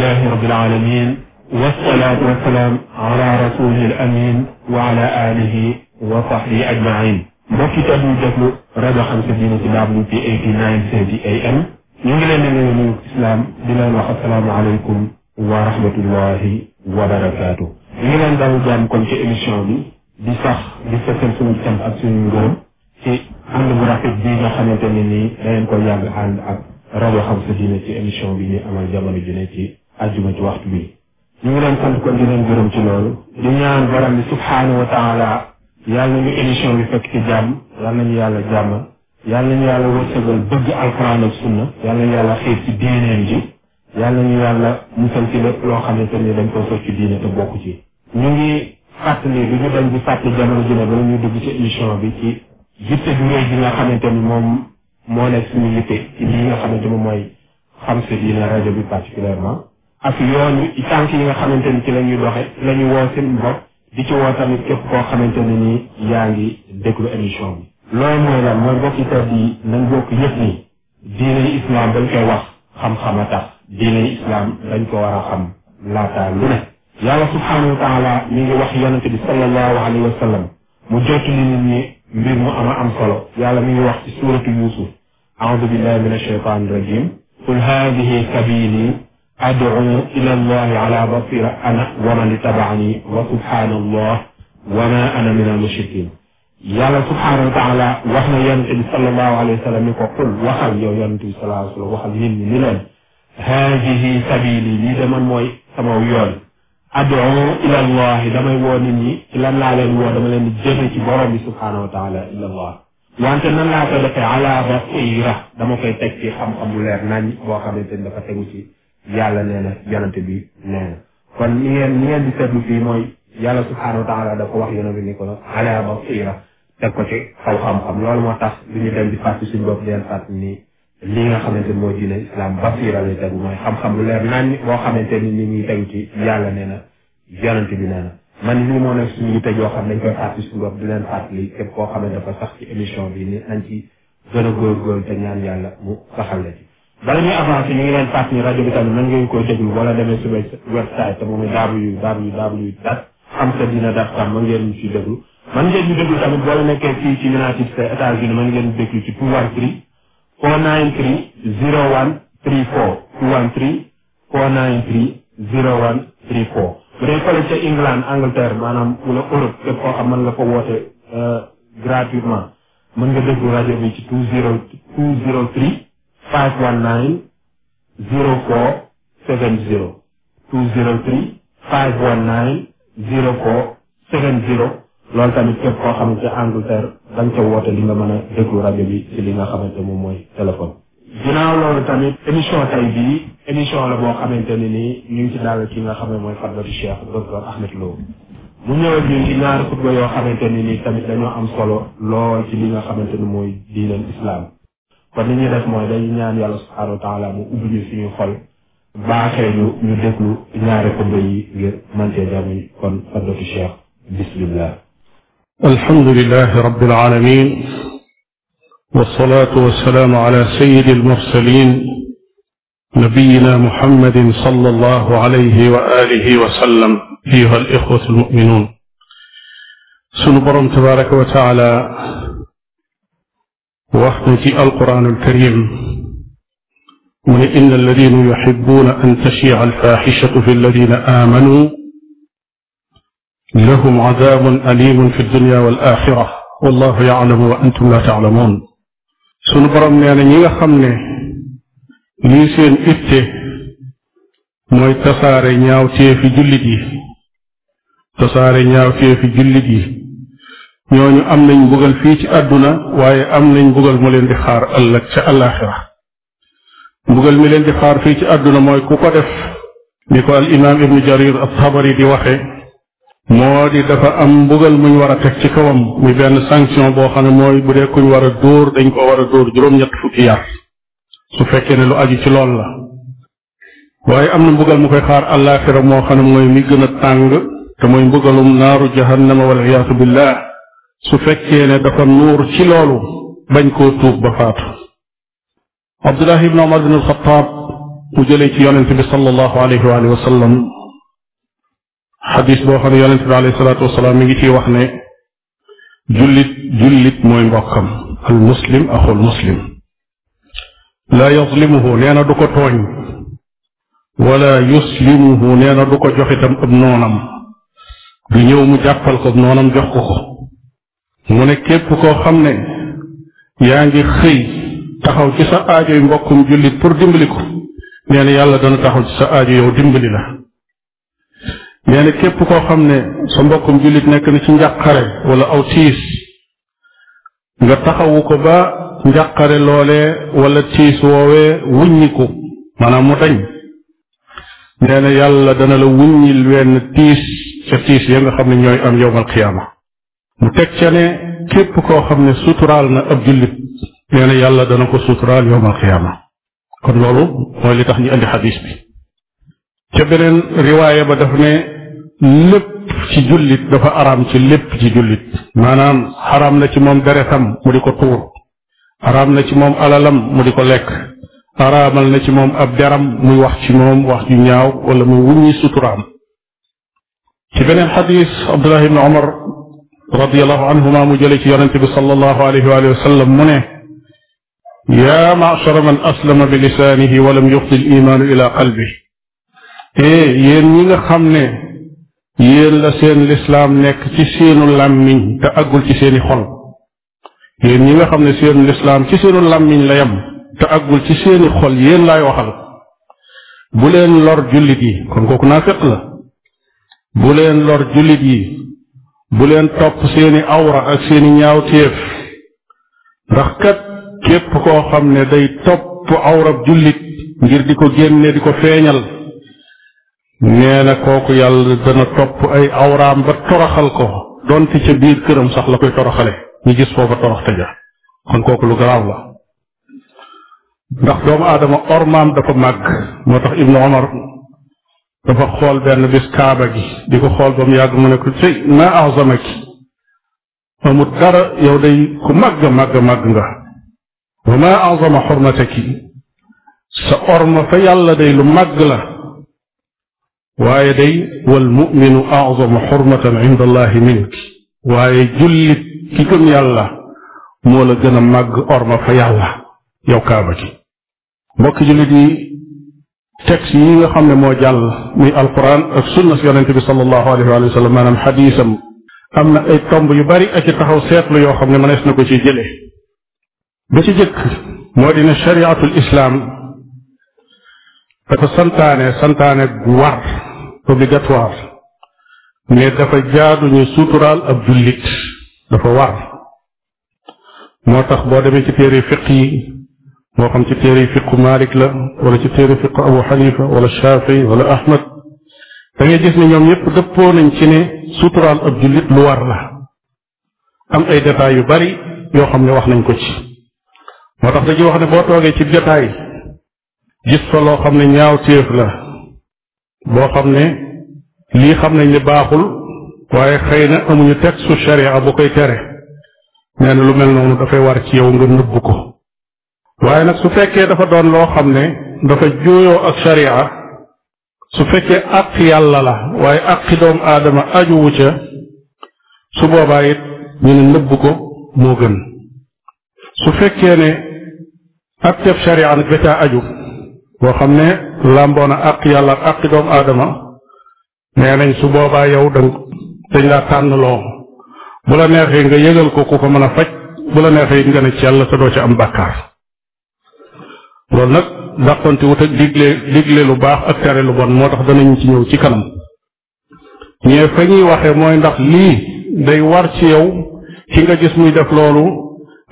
alhamdulilahi rabbil alamin wasalaatu wasalaam ala rasulil amin wa ala alihi wa sahbihi ajmain mbokki tab ñu déglu rajo xam sa diine ci WP 8970 AM ñu ngi leen di nuyu nuyu islam di leen wax asalaamaaleykum wa rahmatullahi wa barakaatu ñu ngi leen dal jàmm kon ci émission bi di sax di fësal suñu cant ak suñu ngërëm ci ànd bu rafet bi nga xamante ne nii da ngeen ko yàgg ànd ak rajo xam sa diine ci émission bi ñuy amal jamono ju ne ci àjjuma ci waxtu bi ñu ngi leen sant di leen gërëm ci loolu di ñaan borom bi subhaanahu wa taala yàlla nañu émission bi fekk ci jàmm yàlla nañu yàlla jàmmal yàlla nañu yàlla wërsëgal bëgg alquran ak sunna yàlla nañu yàlla xiir ci diineen ji yàlla nañu yàlla musal ci lépp loo xamante ni dañ ko sof ci diine te bokk ci ñu ngi fàttali du ñu dañ di fàtte jamono ji ba bala ñuy dugg ci émission bi ci yitte ju réy ji nga xamante ni moom moo nekk suñu yitte ci lii nga xamante ni mooy xam sa diine rajo bi particulièrement ak yoon yi tànk yi nga xamante ni ci la ñuy doxe la ñu woo seen bopp di ci woo tamit képp koo xamante ne ni yaa ngi déglu émission bi loolu mooy lan mooy bokki tat yi nañ bokk yëpp nii diine islam dañ koy wax xam-xam a tax diine islam dañ ko war a xam laataa lu ne yàlla subhaanahu wa taala mi ngi wax yonente bi sallallahu alayhi wa sallam mu jottali nit ñi mbir mu ama am solo yàlla mu ngi wax ci suuratu yuusuf aoudu billahi min ashaytan rajim qul ad'u ila allahi ala basira ana wa man itabaani wa subhanallah wa ma ana min almushrikin yàlla subhanahu wa taala wax na yonente bi sallallahu alayhi wa sallam ni ko qul waxal yow yonente bi sallallahu alayhi wa sallam waxal nit ñi ni leen haadihi sabili lii de man mooy sama yoon ad'u ila allahi damay woo nit ñi ci lan laa leen woo dama leen di jëfe ci borom bi subhanahu wa taala ila allah wante nan laa koy defee ala basira dama koy teg ci xam-xam bu leer nañ boo xamante ni dafa tegu ci yàlla nee na yonante bi nee na kon li ngeen li ngeen di seetlu fii mooy yàlla subhaanahu wa taala dafa wax yonante bi ni ko ala basira teg ko ci xaw xam-xam loolu moo tax lu ñu dem di si suñu bopp leen fàttali ni li nga xamante ni mooy diine islam basira mooy xam-xam bu leer nañ boo xamante ni ni ñuy tegu ci yàlla nee na yonante bi nee man lii moo nekk suñu yitte yoo xam dañ koy fàttali suñu bopp di leen fàttali képp koo xam ne dafa sax ci émission bi ni nañ ci gën a góorgóorlu te ñaan yàlla mu saxal la bala ñuy avancer ñu ngi leen fàttali rajo bi tamit nan ngeen koy déglu wala demee si website te moom www dat xam sa dina dat tam mën ngeen ñu si déglu man ngeen ñu déglu tamit boo la nekkee fii ci United States États-Unis mën ngeen déglu ci 213 493 0134 213 493 0134 bu dee fële ca England Angleterre maanaam wala Europe képp koo xam mën nga ko woote euh, gratuitement mën nga déglu rajo bi ci 20 203 five one nine zero four seven zero two zero three five one nine zero four seven zero loolu tamit képp koo xamante Angleterre da nga ca woote li nga mën a déglu rajo bi ci li nga xamante moom mooy téléphone. ginnaaw loolu tamit émission tay bii émission la boo xamante ne nii ñu ngi daal ki nga xam ne mooy Fadlatu Cheikh docteur Ahmed Lo. mu ñëwee ñun ci ñaari xutba yoo xamante ni nii tamit dañoo am solo lool ci li nga xamante ni mooy diineen islam. kon li ñuy def mooy day ñaan yàlla subhaanahu wa taala mu ubbi ñu suñu xol baaxee ñu ñu déglu ñaari xutba yi ngir mën cee jariñ kon fadlatu cheikh bismillah alhamdulilah rabbil alamin والصلاة والسلام على سيد المرسلين نبينا محمد صلى الله عليه وآله وسلم أيها الإخوة المؤمنون sunu borom tabaaraka wa taala wax na ci alquraanul karim mu ne inna alladina yuxibuuna an tashia alfaaxishatu fi alladina aamanu lahum adaabun alimun fi dunya wal axira wallahu yaclamu wa antum la taclamuun sunu borom nee na ñi nga xam ne lii seen itte mooy tasaare ñaaw teefi jullit yi tasaare ñaaw teefi jullit yi ñooñu am nañ mbugal fii ci àdduna waaye am nañ mbugal mu leen di xaar ëllëg ca àllaaxira mbugal mi leen di xaar fii ci àdduna mooy ku ko def ni ko al imaam ibnu jarir at-tabari di waxe moo di dafa am mbugal muñ war a teg ci kawam muy benn sanction boo xam ne mooy bu dee kuñ war a dóor dañ ko war a dóor juróom-ñett fukki yar su fekkee ne lu aju ci lool la waaye am na mbugal mu koy xaar àllaaxira moo xam ne mooy mi gën a tàng te mooy mbugalum naaru jahannama wal iyaasu billah su fekkee ne dafa nuur ci loolu bañ koo tuub ba faatu abdullah ibn omar ibn alxataab mu jëlee ci yonente bi sallallahu alayhi wa alihi wa sallam xadis boo xam ne yonente bi alayhi salaatu wasalaam mi ngi ciy wax ne jullit jullit mooy mbokkam al muslim axul muslim laa yazlimuhu nee na du ko tooñ wala yuslimuhu nee na du ko jox itam ab noonam du ñëw mu jàppal ko ab noonam jox ko ko mu ne képp koo xam ne yaa ngi xëy taxaw ci sa aajo yu mbokkum jullit pour dimbali ko nee yàlla dana taxaw ci sa aajo yow dimbali la nee képp koo xam ne sa mbokkum jullit nekk na ci njàqare wala aw tiis nga taxawu ko ba njàqare loole wala tiis woowee wuññiku maanaam mu dañ nee na yàlla dana la wuññil wenn tiis ca tiis ya nga xam ne ñooy am yowmal qiyaama mu teg ca ne képp koo xam ne suturaal na ab jullit nee na yàlla dana ko suturaal yowmal xiyaama kon loolu mooy li tax ñu indi xadis bi ca beneen riwaaya ba dafa ne lépp ci jullit dafa araam ci lépp ci jullit maanaam araam na ci moom deretam mu di ko tuur araam na ci moom alalam mu di ko lekk araamal na ci moom ab deram muy wax ci moom wax ju ñaaw wala muy wuññi suturaam ci beneen xadis Abdullah ibn Omar radiallahu anhuma mu jële ci yonente bi sallallahu alayhi wa sallam mu ne yaa machara man aslama bi lisaanihi walam yuxdi l imaanu ila qalbi e yéen ñi nga xam ne yéen la seen lislaam nekk ci seenu làmmiñ te àggul ci seeni xol yéen ñi nga xam ne seenu lislaam ci seenu làmmiñ la yem te àggul ci seeni xol yéen laay waxal bu leen lor jullit yi kon kooku naa féq la bu leen lor jullit yi bu leen topp seeni awra ak seeni ñaawteef ndax kat képp koo xam ne day topp awra jullit ngir di ko génne di ko feeñal nee kooku yàlla dana topp ay awraam ba toroxal ko donte ca biir këram sax la koy toroxale ñu gis foofa toroxte ja kon kooku lu garaaw la ndax doomu aadama ormaam dafa màgg moo tax ibnu omar dafa xool benn bis kaaba di ko xool ba mu yàgg mu ne ko cëy maa azama ki amut dara yow day ku màgg màgg màgg nga wa maa azama xormata ki sa orma fa yàlla day lu màgg la waaye day wal muminu azamu xormatan inda allahi mink waaye jullit ki gëm yàlla moo la gën a màgg orma fa yàlla yow kaaba gi jullit yi texte yi nga xam ne moo jàll muy alquran ak sunna si bi sallallahu alayhi wa sallam maanaam xadiisam am na ay tomb yu bari a i taxaw seetlu yoo xam ne mënees na ko ci jële ba ci jëkk moo di ne chariatul islaam dafa santaane santaane gu war obligatoire mais dafa jaaduñu suturaal ab jullit dafa war moo tax boo demee ci téere fiq yi moo xam ci téere fiqu Malik la wala ci téere fiqu Abu Xanifa wala Shafii wala Ahmad da ngay gis ne ñoom ñëpp dëppoo nañ ci ne suturaal ab jullit lu war la am ay détails yu bari yoo xam ne wax nañ ko ci moo tax dañuy wax ne boo toogee ci détail gis fa loo xam ne ñaaw téef la boo xam ne lii xam nañ ne baaxul waaye xëy na amuñu teg su sharia bu koy tere nee na lu mel noonu dafay war ci yow nga nëbb ko waaye nag su fekkee dafa doon loo xam ne dafa juuyoo ak sharia su fekkee àq yàlla la waaye àqi doomu aadama ajuwu ca su boobaa it ñu ne nëbb ko moo gën su fekkee ne àtteb sharia nag da caa aju boo xam ne làmboona àq yàlla ak àqi doomu aadama nee nañ su boobaa yow dang dañ laa tànn loo bu la neexee nga yëgal ko ku ko mën a faj bu la neexee yi nga ne ci yàlla te doo ca am bàkkaar loolu nag dàqonte wut ak digle digle lu baax ak tere lu bon moo tax ñu ci ñëw ci kanam ñee fa ñuy waxe mooy ndax lii day war ci yow ki nga gis muy def loolu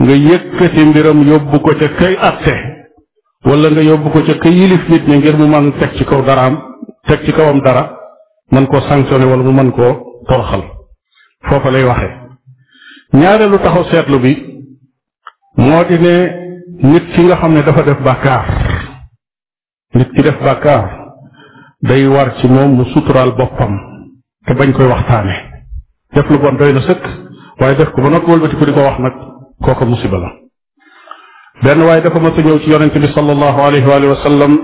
nga yëkkati mbiram yóbbu ko ca kay atte wala nga yóbbu ko ca kay yilif nit ñi ngir mu man teg ci kaw daraam teg ci kawam dara mën koo sanctionné wala mu mën koo toroxal foofa lay waxe ñaareelu taxaw seetlu bi moo di ne nit ki nga xam ne dafa def bàkkaar nit ki def bàkkaar day war ci moom mu suturaal boppam te bañ koy waxtaane def lu boon doy na sëkk waaye def ko ba noppi wëlbatiku di ko wax nag kooka musiba la benn waaye dafa mas a ñëw ci yonent bi sallallahu alayhi wa sallam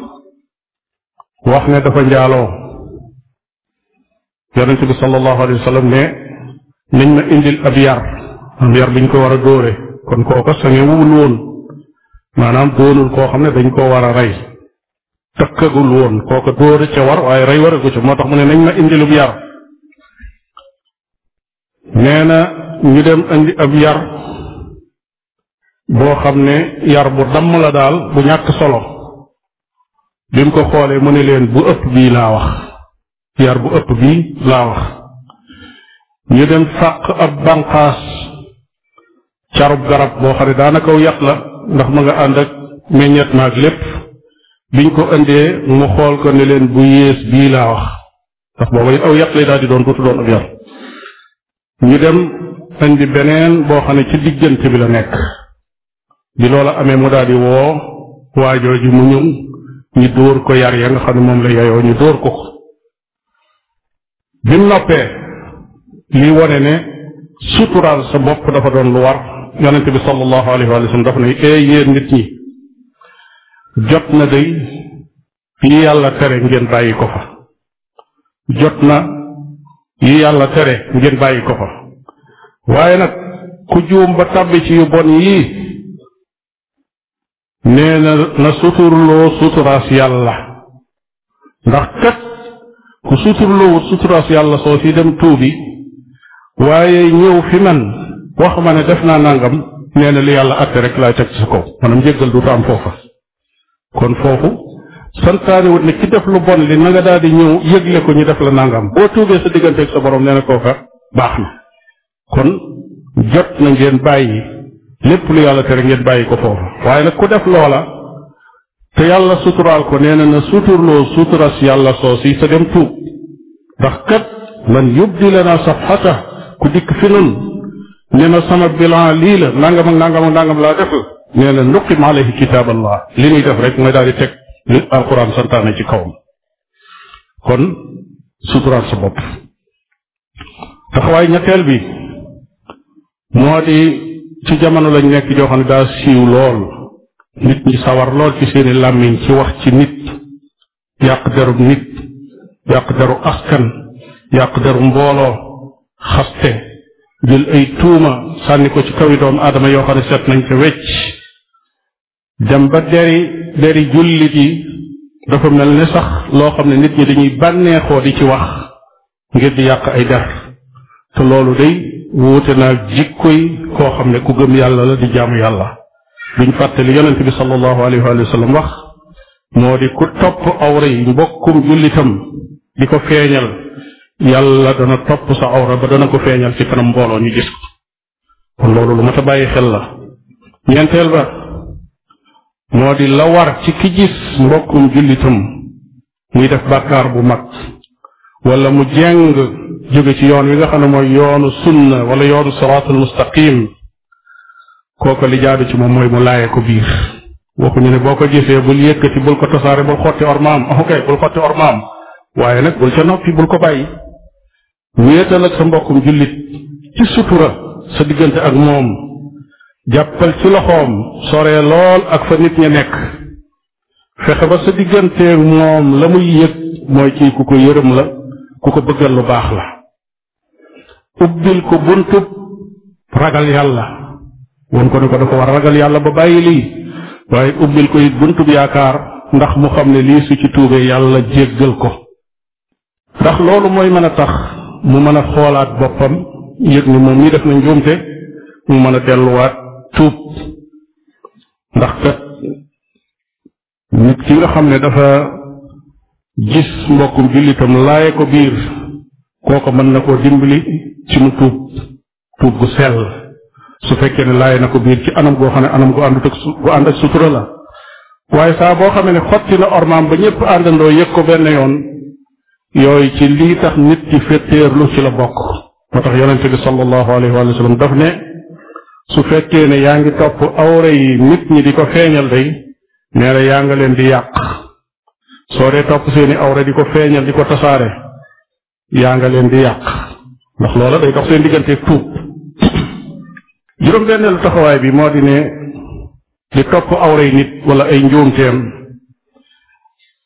wax ne dafa njaaloo yonent bi sallallahu alayhi wa sallam ne nañ ma indil ab yar am yar biñ ko war a dóore kon kooka sañewul woon maanaam doonul koo xam ne dañ koo war a rey tëkkagul woon kooka dóora ca war waaye rey waragu ca moo tax mu ne nañ ma indilum yar nee na ñu dem indi ab yar boo xam ne yar bu damm la daal bu ñàkk solo bi mu ko xoolee mu ne leen bu ëpp bii laa wax yar bu ëpp bii laa wax ñu dem fàq ab banqaas carub garab boo xam ne daanakaw yàq la ndax ma nga ànd ak meññet maag lépp biñ ko indee mu xool ko ne leen bu yées bii laa wax ndax booba it aw yàq lay daal di doon dootu doon ak yar ñu dem indi beneen boo xam ne ci diggante bi la nekk bi loola amee mu daal di woo waajoo ji mu ñëw ñu dóor ko yar ya nga xam ne moom la yeyoo ñu dóor ko ko bi mu noppee li wone ne suturaal sa bopp dafa doon lu war yonente bi sallallahu alayhi wa sallam dafa ne ee yéen nit ñi jot na day yi yàlla tere ngeen bàyyi ko fa jot na yi yàlla tere ngeen bàyyi ko fa waaye nag ku juum ba tàbbi ci yu bon yii nee na na suturloo suturaas yàlla ndax kat ku suturloo suturaas yàlla soo si dem tuubi waaye ñëw fi man wax ma ne def naa nangam nee na li yàlla àtte rek laay teg ci sa kaw maanaam jéggal du fa foofa kon foofu santaane wut ne ki def lu bon li na nga daal di ñëw yëgle ko ñu def la nangam boo tuubee sa digganteeg sa borom nee koo ka baax na kon jot na ngeen bàyyi lépp lu yàlla tere ngeen bàyyi ko foofa waaye nag ku def loola te yàlla suturaal ko nee na na suturloo suturas yàlla soos yi sa dem tuub ndax kat man yubdi lana safxata ku dikk fi nun ne sama bilan lii la nangam ak nangam laa def nee na nuqim alayhi kitab allah li ñuy def rek mooy daal di teg li alquran santaane ci kawam kon suturaal sa bopp taxawaay ñetteel bi moo di ci jamono lañ nekk joo xam ne daa siiw lool nit ñi sawar lool ci seeni làmmiñ ci wax ci nit yàq derub nit yàq deru askan yàq deru mbooloo xaste jël ay tuuma sànni ko ci kawi doomu aadama yoo xam ne set nañ ko wecc dem ba deri deri jullit yi dafa mel ne sax loo xam ne nit ñi dañuy bànneexoo di ci wax ngir di yàq ay der te loolu day wuute naag jikkoy koo xam ne ku gëm yàlla la di jaamu yàlla duñ fàttali yonent bi sallallahu alayhi wa sallam wax moo di ku topp awra yi mbokkum jullitam di ko feeñal yàlla dana topp sa awra ba dana ko feeñal ci kanam mbooloo ni gis ko kon loolu lu mat bàyyi xel la ñeenteel ba moo di la war ci ki gis mbokkum jullitam muy def bàkkaar bu mag wala mu jeng jóge ci yoon wi nga xam ne mooy yoonu sunna wala yoonu siraatul mustaqim kooku li jaadu ci moom mooy mu laaye ko biir waxuñu ne boo ko gisee bul yëkkati bul ko tasaare bul xotti ormaam ok bul xotti ormaam waaye nag bul ca noppi bul ko bàyyi wéetal ak sa mbokkum jullit ci sutura sa diggante ak moom jàppal ci loxoom soree lool ak fa nit ña nekk fexe ba sa digganteeg moom la muy yëg mooy kii ku ko yërëm la ku ko bëggal lu baax la ubbil ko buntub ragal yàlla won ko ne ko dafa war ragal yàlla ba bàyyi lii waaye ubbil ko it buntub yaakaar ndax mu xam ne lii su ci tuubee yàlla jéggal ko ndax loolu mooy mën a tax mu mën a xoolaat boppam yëg ni moom mii def na njuumte mu mën a delluwaat tuub ndax kat nit ki nga xam ne dafa gis mbokkum jullitam laaye ko biir kooko mën na koo dimbali ci mu tuub tuub gu sell su fekkee ne laaye na ko biir ci anam goo xam ne anam gu àndut ak gu ànd ak sutura la waaye saa boo xamee ne xotti na ormaam ba ñëpp àndandoo yëg ko benn yoon yooyu ci lii tax nit ci lu ci la bokk moo tax yonente bi sallallahu alayhi wa sallam daf ne su fekkee ne yaa ngi topp awra yi nit ñi di ko feeñal day nee na yaa nga leen di yàq soo dee topp seeni awra di ko feeñal di ko tasaare yaa nga leen di yàq ndax loola day dox seen digganteeg tuub juróom-benneelu taxawaay bi moo di ne di topp awra yi nit wala ay njuumteem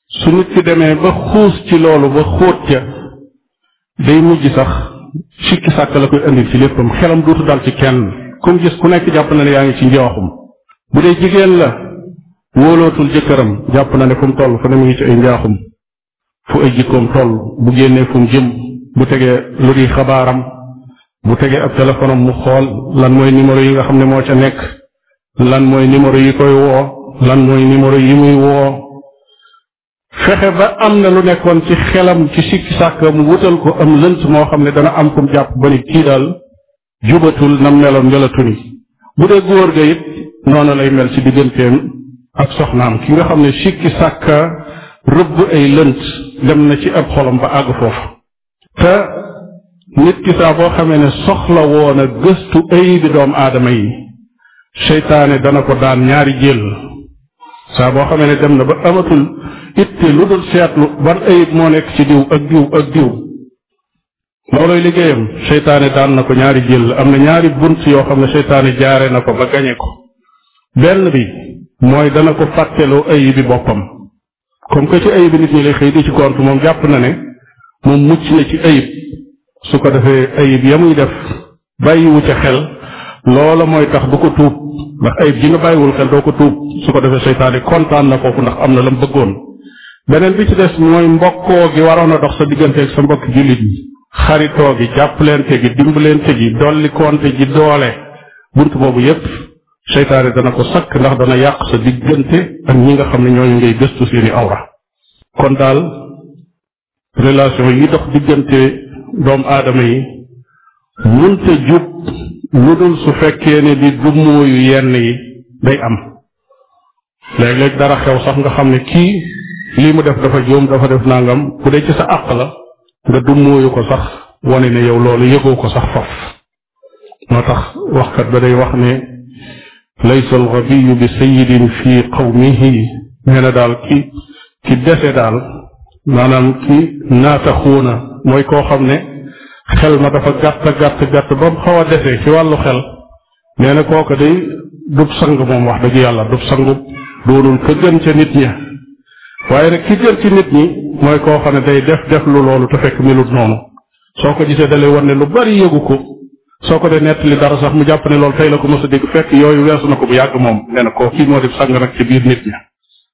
su nit ki demee ba xuus ci loolu ba xóot ca day mujj sax sikki sàkk la koy indi ci léppam xelam duutu dal ci kenn comme gis ku nekk jàpp na ne yaa ngi ci njooxum bu dee jigéen la wóolootul jëkkëram jàpp na ne fu mu toll fu ne mu ngi ci ay njaaxum fu ay jikkoom toll bu génnee fu jëm bu tegee lu di xabaaram bu tegee ab téléphone am mu xool lan mooy numéro yi nga xam ne moo ca nekk lan mooy numéro yi koy woo lan mooy numéro yi muy woo fexe ba am na lu nekkoon ci xelam ci sikki sàkka mu wutal ko am lënt moo xam ne dana am kum jàpp ba ni kii daal jubatul nam meloon njolatuni bu dee góor ga it noonu lay mel ci digganteem ak soxnaam ki nga xam ne sikki sàkka rëbb ay lënt dem na ci ab xolam ba àgg foofu te nit ki xamee ne soxla woon a gëstu ay bi doom aadama yi seytaane dana ko daan ñaari jël saa boo xamee ne dem na ba amatul itte lu dul seetlu ban ayib moo nekk ci diw ak diw ak diw looloy liggéeyam seytaane daan na ko ñaari jël am na ñaari bunt yoo xam ne seytaane jaare na ko ba gañe ko benn bi mooy dana ko fàtteloo ayibi boppam comme que ci ayibi nit ñi lay xëy di ci compte moom jàpp na ne moom mucc na ci ayib su ko defee ayib ya muy def bàyyiwu ca xel loola mooy tax du ko tuub ndax ayib ji nga bàyyiwul xel doo ko tuub su ko defee seytaane kontaan na foofu ndax am na la mu bëggoon beneen bi ci des mooy mbokkoo gi waroon a dox sa digganteeg sa mbokk jullit yi xaritoo gi jàppalante gi dimbalante gi dolli konte ji doole bunt boobu yépp seytaane dana ko sakk ndax dana yàq sa diggante ak ñi nga xam ne ñooñu ngay gëstu seeni awra kon daal relation yi dox diggante doomu aadama yi munta jub lu dul su fekkee ne di gummooyu yenn yi day am léeg-léeg dara xew sax nga xam ne kii lii mu def dafa juum dafa def nangam bu dee ci sa àq la nga dummooyu ko sax wane ne yow loolu yëgoo ko sax faf moo tax waxkat ba day wax ne laysa alxabiyu bi sayidin fi qawmihi nee na daal ki ki dese daal maanaam ki naataxuuna mooy koo xam ne xel ma dafa gàtt gàtt gàtt ba mu xaw a defee ci wàllu xel nee na kooka day dub sang moom wax dëgg yàlla dub sangu doonul ka gën ca nit ña waaye nag ki gën ci nit ñi mooy koo xam ne day def def lu loolu te fekk melut noonu soo ko di dalay wan ne lu bari yëgu ko soo ko dee nettali dara sax mu jàpp ne loolu tey la ko mos a dégg fekk yooyu weesu na ko bu yàgg moom nee na koo kii moo di sang nag ci biir nit ña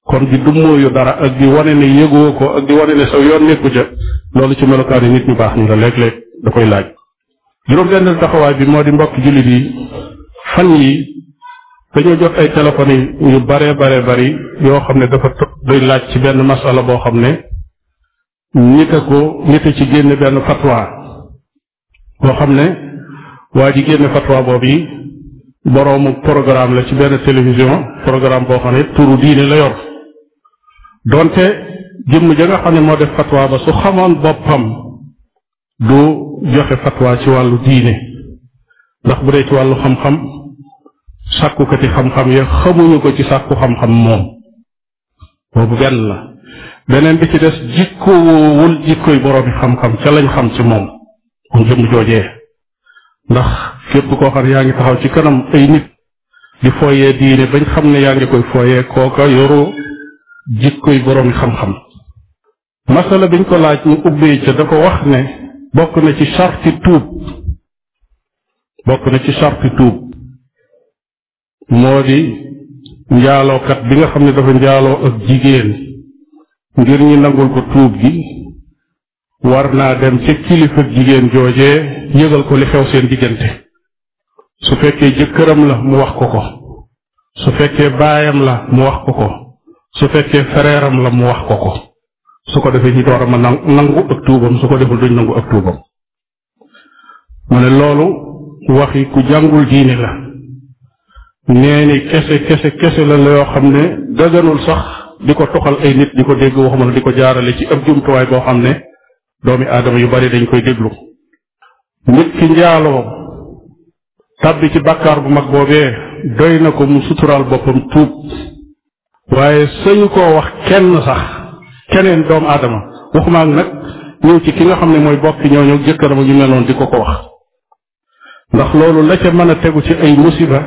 kon di dummóoyu dara ak di wane ne yëguwoo ko ak di wane ne sa yoon nekku ca loolu ci melokaani nit ñu baax ñu la léeg-léeg da koy laaj juróom-benn taxawaay bi moo di mbokk jullit yi fan yi dañoo jot ay téléphones yu bare bare bari yoo xam ne dafa doy laaj ci benn masala boo xam ne nit a nit a ci génne benn fatwa boo xam ne waa ji génne fatwa boobu yi boroomu programme la ci benn télévision programme boo xam ne turu diine la yor donte jëmm ja nga xam ne moo def fatwa ba su xamoon boppam du joxe fatwa ci wàllu diine ndax bu dee ci wàllu xam-xam sàkkukati xam-xam ya xamuñu ko ci sàkku xam-xam moom boobu benn la beneen bi ci des jikko woowul jikkoy boroomi xam-xam ca lañ xam ci moom kon jëmm joojee ndax képp koo xam yaa ngi taxaw ci kanam ay nit di fooyee diine bañ xam ne yaa ngi koy fooyee kooka yoru jikkoy boroomi xam-xam masala biñ ko laaj ñu ubbee ca dafa wax ne bokk na ci sarti tuub na ci sarti moo di njaalookat bi nga xam ne dafa njaaloo ak jigéen ngir ñi nangul ko tuub gi war naa dem ca kilifa jigéen joojee yëgal ko li xew seen diggante su fekkee jëkkëram la mu wax ko ko su fekkee baayam la mu wax ko ko su fekkee fereeram la mu wax ko ko su ko defee ñu door a ma nangu ak tuubam su ko deful duñ nangu ak tuubam mu ne loolu waxi ku jàngul diine la nee ni kese kese kese la la yoo xam ne daganul sax di ko toxal ay nit di ko dégg waxuma la di ko jaarale ci ab jumtuwaay boo xam ne doomi aadama yu bari dañ koy déglu nit ki njaaloo tàbbi ci bàkkaar bu mag boobee doy na ko mu suturaal boppam tuub waaye sañu koo wax kenn sax keneen doomu aadama waxumaa nag ñëw ci ki nga xam ne mooy bokki ñooñu jëkkëram ñu mel noonu di ko ko wax ndax loolu la ca mën a tegu ci ay musiba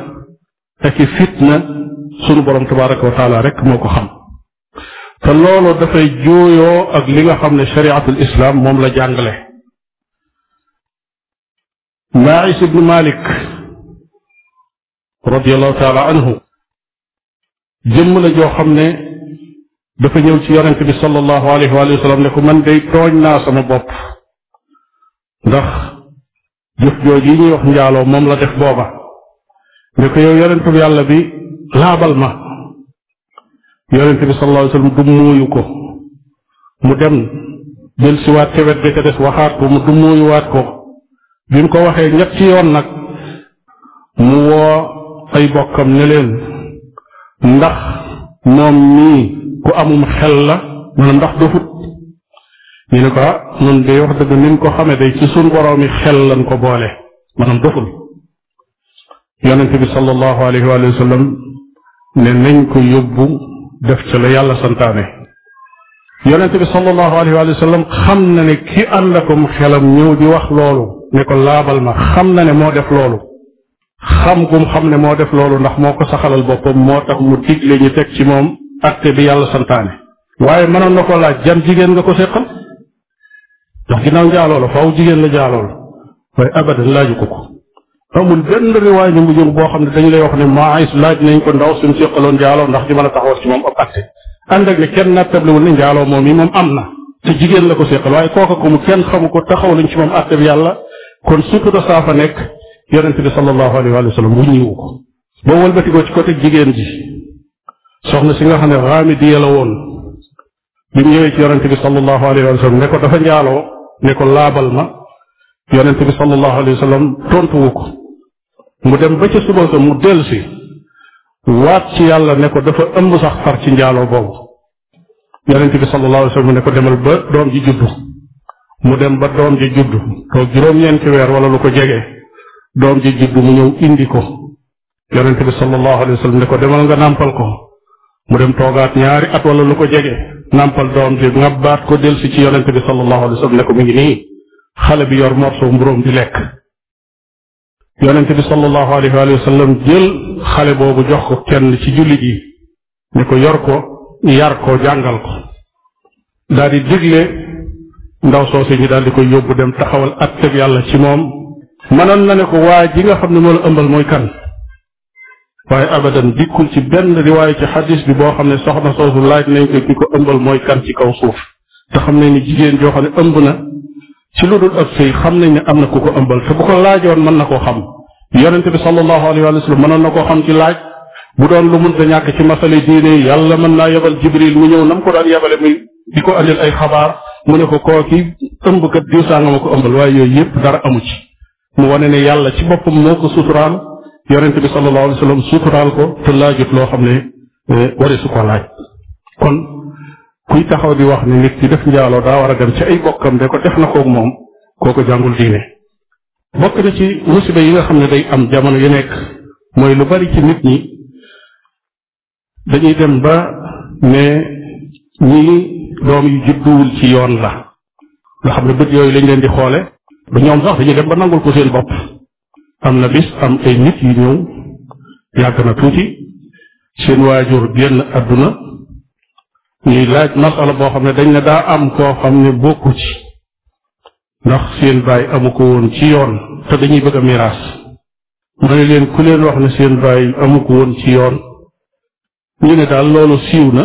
ak fitna sunu borom tabaraka wa taala rek moo ko xam te loolu dafay jooyoo ak li nga xam ne shariatul islaam moom la jàngale maais ibnu malik radiallahu taala anhu jëmm la joo xam ne dafa ñëw ci yonent bi sallallahu alayhi wa sallam ne ko man day tooñ naa sama bopp ndax jëf jooju yi ñuy wax njaaloo moom la def booba ne ko yow yonentu yàlla bi laabal ma yonent bi sallallahu alayhi du muuyu ko mu dem jël si wet bi ca des waxaat ko mu du muuyu waat ko bi mu ko waxee ñett ci yoon nag mu woo ay bokkam ne ndax moom nii ku amum xel la maanaam ndax dofut ñu ne ko ah noonu day wax dëgg nin ko xame day ci suñ boroomi xel lan ko boole maanaam doful yonente bi sallallahu alayhi wa sallam ne nañ ko yóbbu def ca la yàlla santaane yonente bi sallallahu alayhi wa xam na ne ki ànd akom xelam ñëw di wax loolu ne ko laabal ma xam na ne moo def loolu xam gum xam ne moo def loolu ndax moo ko saxalal boppam moo tax mu digle ñu teg ci moom acte bi yàlla santaane waaye mënoon na ko laaj jan jigéen nga ko seqal ndax ginnaaw njaaloo la faaw jigéen la jaaloo la waaye abadan laaju ko ko amul benn riwaay ñu mujjul boo xam ne dañ lay wax ne maais laaj nañ ko ndaw suñ seqaloon jaaloo ndax ñu mën a taxawal ci moom ab acte ànd ak ne kenn nattablewul ne njaaloo moom yi moom am na te jigéen la ko seqal waaye kooka ko mu kenn xamu ko taxaw lañ ci moom acte bi yàlla kon sutura saa fa nekk yonent bi sallallahu alayhi wa sallam wu ñëwu ko boo wëlbatikoo ci côté jigéen ji soxna si nga xam ne raami di la woon bi mu ñëwee ci yonent bi sallallahu alayhi wa sallam ne ko dafa njaaloo ne ko laabal ma yonent bi sallallahu alayhi wa sallam tontuwu mu dem ba mu dellu si waat ci yàlla ne ko dafa ëmb sax far ci njaaloo boobu yonent bi sallallahu alayhi wa sallam ne demal ba doom ji juddu mu dem ba doom ji juddu toog juróom-ñeenti weer wala lu ko jege doom ji juddu mu ñëw indi ko yonente bi sallallahu alayhi wa sallam ne ko demal nga nàmpal ko mu dem toogaat ñaari at wala lu ko jege nàmpal doom ji ngabbaat ko delsi ci yonente bi sallallahu alayhi wa sallam ne ko mi ngi nii xale bi yor morso mburóom di lekk yonente bi sallallahu alayhi wa sallam jël xale boobu jox ko kenn ci jullit yi ne ko yor ko yar ko jàngal ko daal di digle ndaw soose ñi daal di koy yóbbu dem taxawal atteb yàlla ci moom mënoon na ne ko waa ji nga xam ne moo la ëmbal mooy kan waaye abadan dikkul ci benn riwaay ci xadis bi boo xam ne soxna soosu laaj nañ ko ki ko ëmbal mooy kan ci kaw suuf te xam nañ ni jigéen joo xam ne ëmb na ci lu dul ak sëy xam nañ ne am na ku ko ëmbal te bu ko laajoon mën na koo xam yonente bi sallallahu alayhi wa sallam mënoon na koo xam ci laaj bu doon lu mënta ñàkk ci masale diine yàlla mën naa yebal jibril mu ñëw nam ko daan yebale di ko andil ay xabaar mu ne ko kooki ëmbkat diw saa nga ma ko ëmbal waaye yooyu yépp dara amu ci mu wane ne yàlla ci boppam moo ko suturaal yonent bi sallallahu alayhi wa sallam suturaal ko te laajut loo xam ne eh, wari su ko laaj kon kuy taxaw di wax ne nit ci def njaaloo daa war a dem ci ay bokkam de ko def na koog moom kooko jàngul diine bokk na ci musiba yi nga xam ne day am jamono yu nekk mooy lu bari ci nit ñi dañuy dem ba ne ñii doom yu judduwul ci yoon la nga xam ne bët yooyu lañ leen di xoole ba ñoom sax dañuy dem ba nangul ko seen bopp am na bis am ay nit yu ñëw yàgg na tuuti seen waajur génn àdduna ñuy laaj masala boo xam ne dañ ne daa am koo xam ne bokku ci ndax seen baay amu ko woon ci yoon te dañuy bëgg a miraas mu leen ku leen wax ne seen baay amu ko woon ci yoon ñu ne daal loolu siiw na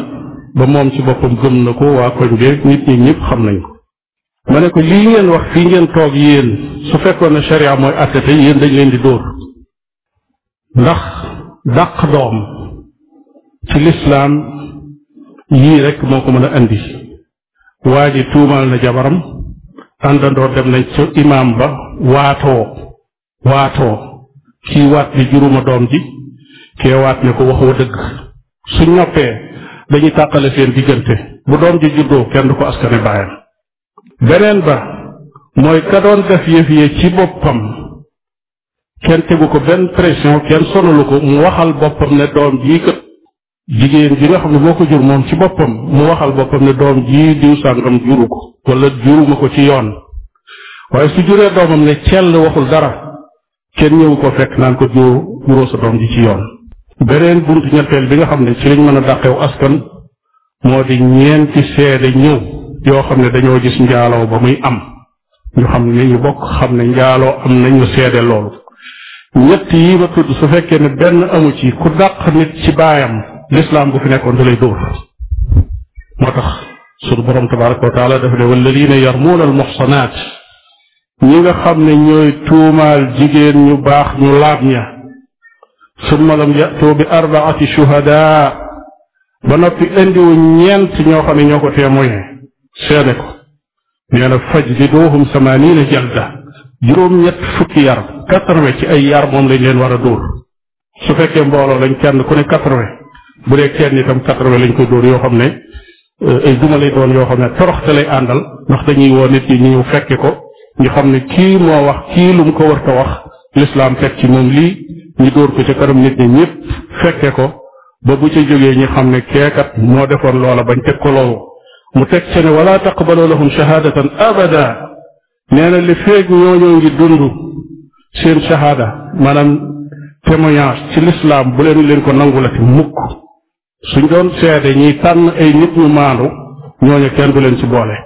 ba moom ci boppam gëm na ko waa koñ beeg nit ñi ñëpp xam nañu ma ne ko lii ngeen wax fii ngeen toog yéen su fekkoon ne sharia mooy attete yéen dañ leen di dóor ndax dàq doom ci lislaam yii rek moo ko mën a andi waa ji tuumaal na jabaram àndandoor dem nañ ca imaam ba waatoo waatoo kii waat ni juruma doom ji kee waat ne ko waxoo dëgg su ñoppee dañuy tàqale seen diggante bu doom ji juddoo kenn du ko askane baayam beneen ba mooy ka doon def yëf yi ci boppam kenn tegu ko benn pression kenn sonalu ko mu waxal boppam ne doom jii kat jigéen ji nga xam ne boo ko jur moom ci boppam mu waxal boppam ne doom jii diw sàngam juru ko wala juruma ko ci yoon waaye su juree doomam ne cell waxul dara kenn ñëwu ko fekk naan ko juró juróo sa doom ji ci yoon beneen bunt ñetteel bi nga xam ne ci lañ mën a dàqew askan moo di ñeenti seede ñëw yoo xam ne dañoo gis njaaloo ba muy am ñu xam ne ñu bokk xam ne njaaloo am na ñu seede loolu ñett yi ma tudd su fekkee ne benn amu ci ku dàq nit ci baayam lislaam bu fi nekkoon da lay dóor moo tax sunu borom tabaraka wa taala dafa ne walladina yarmuuna almuxsanaat ñi nga xam ne ñooy tuumaal jigéen ñu baax ñu laab ña summa lam yatu bi arbaati shuhadaa ba noppi indiwu ñeent ñoo xam ne ñoo ko témoigné seede ko nee na faj li doohum samaaniina jalda juróom-ñett fukki yar quatre ci ay yar moom lañ leen war a dóor su fekkee mbooloo lañ kenn ku ne quatre-vingts bu dee kenn itam quatre-vingts lañ koy dóor yoo xam ne euh, ay duma lay doon yoo xam ne torox toroxte lay àndal ndax dañuy woo nit ñi ñu fekke ko ñu xam ne kii moo wax kii lu mu ko war ko wax lislaam teg ci moom lii ñu dóor ko ca kanam nit ñi ñëpp fekke ko ba bu ca jógee ñi xam ne keekat moo defoon loola bañ teg mu teg ca ne wala taqbalu lahum shahaadatan abada nee na li feegu ñoo ngi dund seen shahaada maanaam témoignage ci lislaam bu leen leen ko nangulati mukk suñ doon seede ñiy tànn ay nit ñu maandu ñooñu kenn du leen ci boole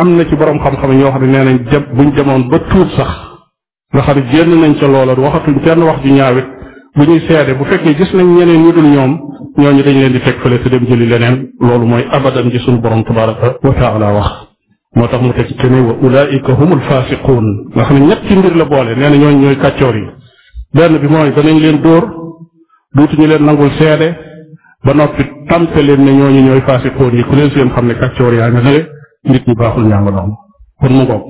am na ci borom xam-xam ñoo xam ne nee nañ jëm buñ demoon ba tuub sax nga xam ne génn nañ ca loola waxatuñ kenn wax ju ñaawit bu ñuy seede bu fekkee gis nañ ñeneen ñu dul ñoom ñoo ñooñu dañ leen di teg fële te dem jëli leneen loolu mooy abadan ji suñu borom tabaraka wa taala wax moo tax mu teg ci ne wa ulaika humul fasiquun nga xam ne ñetti mbir la boole nee na ñooñu ñooy kàccoor yi benn bi mooy nañ leen dóor ñu leen nangul seede ba noppi tampe leen ne ñooñu ñooy faasiqoon yi ku leen seen xam ne kàccoor yaa nga ne nit ñi baaxul ñaa nga doon kon mu ngoog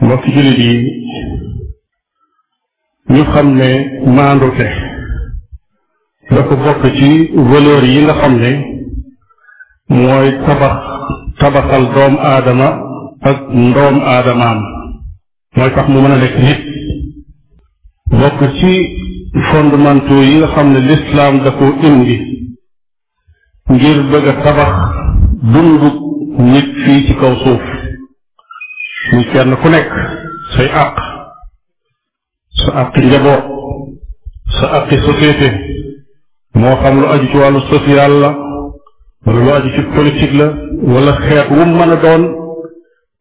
mbokk jullit yi ñu xam ne maandute dafa bokk ci valeur yi nga xam ne mooy tabax tabaxal doomu aadama ak ndoomu aadamaam mooy tax mu mën a nekk nit bokk ci fondamentaux yi nga xam ne lislaam da ko indi ngir bëgg a tabax dundu nit fii ci kaw suuf ñu kenn ku nekk say àq sa àqi njaboot sa àqi société moo xam lu aju ci wàllu social la wala lu aju ci politique la wala xeet wu mën a doon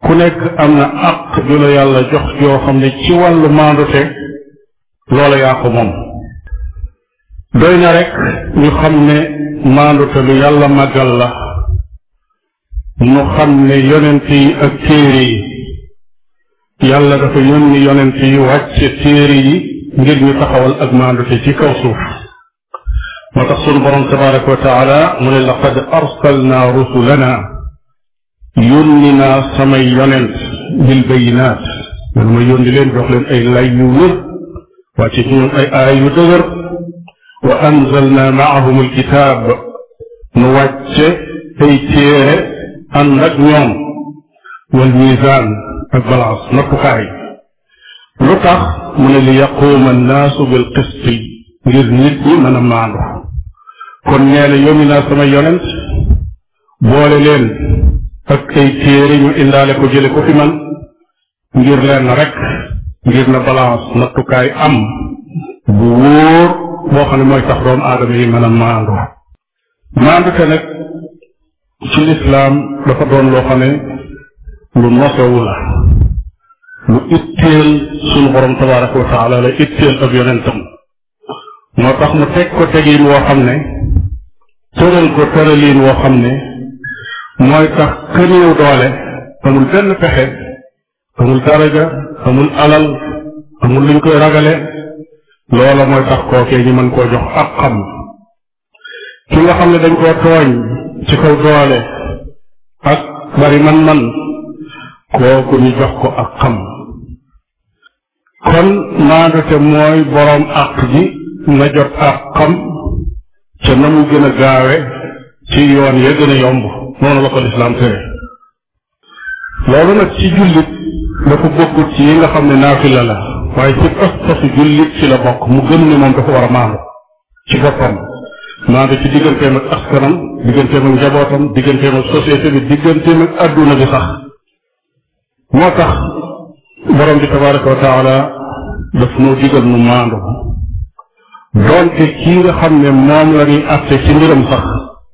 ku nekk am na àq ju la yàlla jox yoo xam ne ci wàllu maandute loola yaa ko moom doy na rek ñu xam ne maandute lu yàlla màggal la ñu xam ne yonent yi ak téere yi yàlla dafa yónni yonent yi wàcce téere yi ngir ñu taxawal ak maandute ci kaw suuf moo tax sunu borom tabaraka wa taala mu ne laqad arsalna rusulana yónni naa samay yonent bil bayinaat man ma yónni leen jox leen ay lay yu wér wàcce ci ñoom ay aay yu dëgër wa anzalna maahum alkitaab nu wàcce ay téere ànd ak ñoom wal misaan ak balance nattukaay lu tax mu ne li yaquuma annaasu bil qisti ngir nit ñi mën a maandu kon nee na yónni naa sama yonent boole leen ak ay téere ñu indaale ko jële ko fi man ngir leen rek ngir na balance nattukaay am bu wóor boo xam ne mooy tax doom aadama yi mën a maandu maandu te nag ci lislaam dafa doon loo xam ne lu nosewu la lu itteel suñu borom tabaraka wa la itteel ab yonentam moo tax mu teg ko tegiin woo xam ne tëral ko tëraliin woo xam ne mooy tax ka néew doole amul benn pexe amul daraja amul alal amul luñ koy ragale loola mooy tax kookee ñu mën koo jox ak xam ki nga xam ne dañ koo tooñ ci kaw doole ak bari man-man kooku ñu jox ko ak xam kon maandute mooy boroom àq ji na jot ak xam te na mu gën a gaawe ci yoon ya gën a yomb noonu la ko lislaam tere loolu nag ci jullit dafa bokkut ci yi nga xam ne naafila la waaye ci pas-pasu jullit ci la bokk mu gëm ne moom dafa war a maandu ci boppam maandu ci digganteem ak askanam digganteem ak njabootam digganteem ak société bi digganteem ak adduna bi sax moo tax borom bi tabaraka wa taala daf noo digal nu maandu doonte kii nga xam ne moom la ñuy àtte ci mbiram sax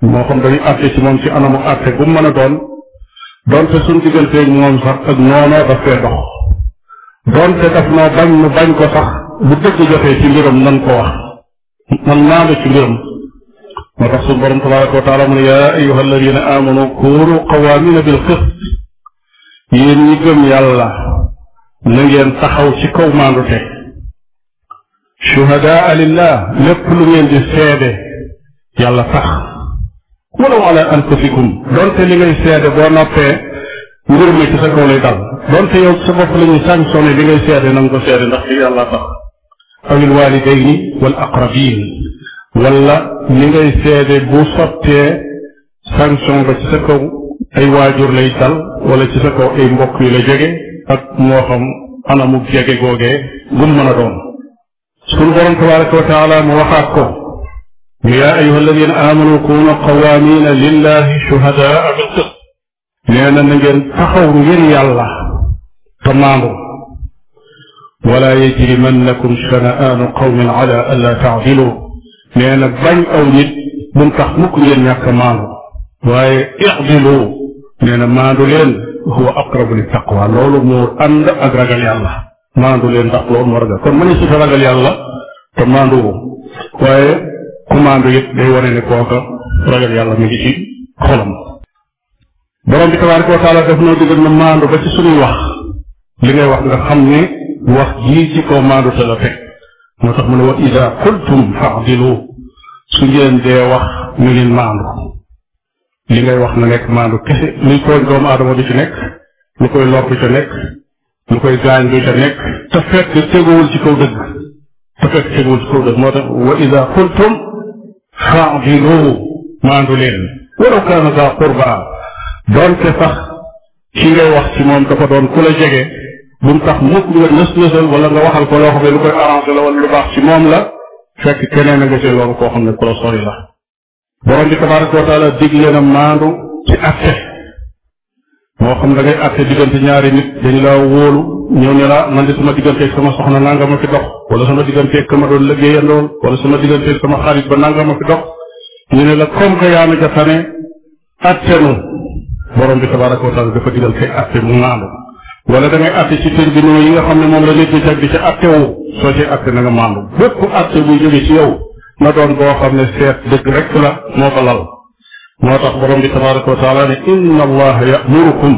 moo xam dañuy àtte ci moom ci anamu àtte bu mën a doon doonte suñ digganteeg moom sax ak noonoo daf fee dox doonte daf noo bañ nu bañ ko sax bu dëgg jotee ci mbiram nan ko wax nan naa ci mbiram moo tax suñu borom tabaraka wa taala mu ne yaa ayuha alladina amanu kuunu qawaamina taxaw ci kaw maandu te shuhadaa lillah lépp lu ngeen di seede yàlla tax walaw ala anfusikum donte li ngay seede boo nappee nguur mi ci sa kaw lay dal donte yow sa bopp la ñuy sanctionné li ngay seede na ko seede ndax li yàlla tax awil walidayni wal aqrabin li ngay seede bu sottee sanction ba ci sa kaw ay waajur lay dal wala ci sa kaw ay mbokk yu la jóge ak moo xam anamu jege googee gum mën a doon sunu borom tabaraka wa taala mu waxaat ko yaa ayuha alladina amanu kunu qawamina lillahi shuhadaa bil qist nee na na ngeen taxaw ngir yàlla te maandu wala yajrimannakum shanaanu qawmin ala alla taadilu nee na bañ aw nit bu mu tax mukk ngeen ñàkk maandu waaye iqdilu nee na maandu leen huwa aqrabu li taqwa loolu moo ànd ak ragal yàlla maandu leen ndax loolu moo ragal kon mënees su ragal yàlla te maanduwu waaye ku maandu it day wane ne kooka ragal yàlla mi ngi ci xolam borom bi tabaaraka wa taala daf wax li ngay wax nga xam ne wax jii ci kaw maandu te la fekk moo tax mu ne wa ngeen wax na ngeen maandu li ngay wax na nekk maandu kese luy tooñ bi ci nekk lu koy lor bi nekk lu koy gaañ lu ca nekk te fekk teguwul ci kaw dëgg te fekk teguwul ci kaw dëgg moo tax wa ida qultum maandu leen walaw kaana daa qurbaa doonte sax ki ngay wax ci moom dafa doon ku la jege bu mu tax mukk nga nës nësal wala nga waxal ko loo xam ne lu la wala lu baax ci moom la fekk keneen a nga see loolu koo xam ne ku la sori la borom bi na maandu ci atte moo xam da ngay àtte diggante ñaari nit dañ laa wóolu ñëw ne laa man de sama digganteeg sama soxna nanga ma fi dox wala sama digganteeg ma doon liggéeyandoon wala sama digganteeg sama xarit ba nanga ma fi dox ñu ne la comme que yaa ma ca tane attenu borom bi tabaraka wa taala dafa digal kay atte mu maandu wala da ngay atte ci tribunaux yi nga xam ne moom la nit ñi teg di ca attewu soo ci atte na nga maandu bépp atte buy jóge ci yow na doon boo xam ne seet dëgg rek la moo ko lal moo tax borom bi tabaraka wa taala ne inna allaha yamurukum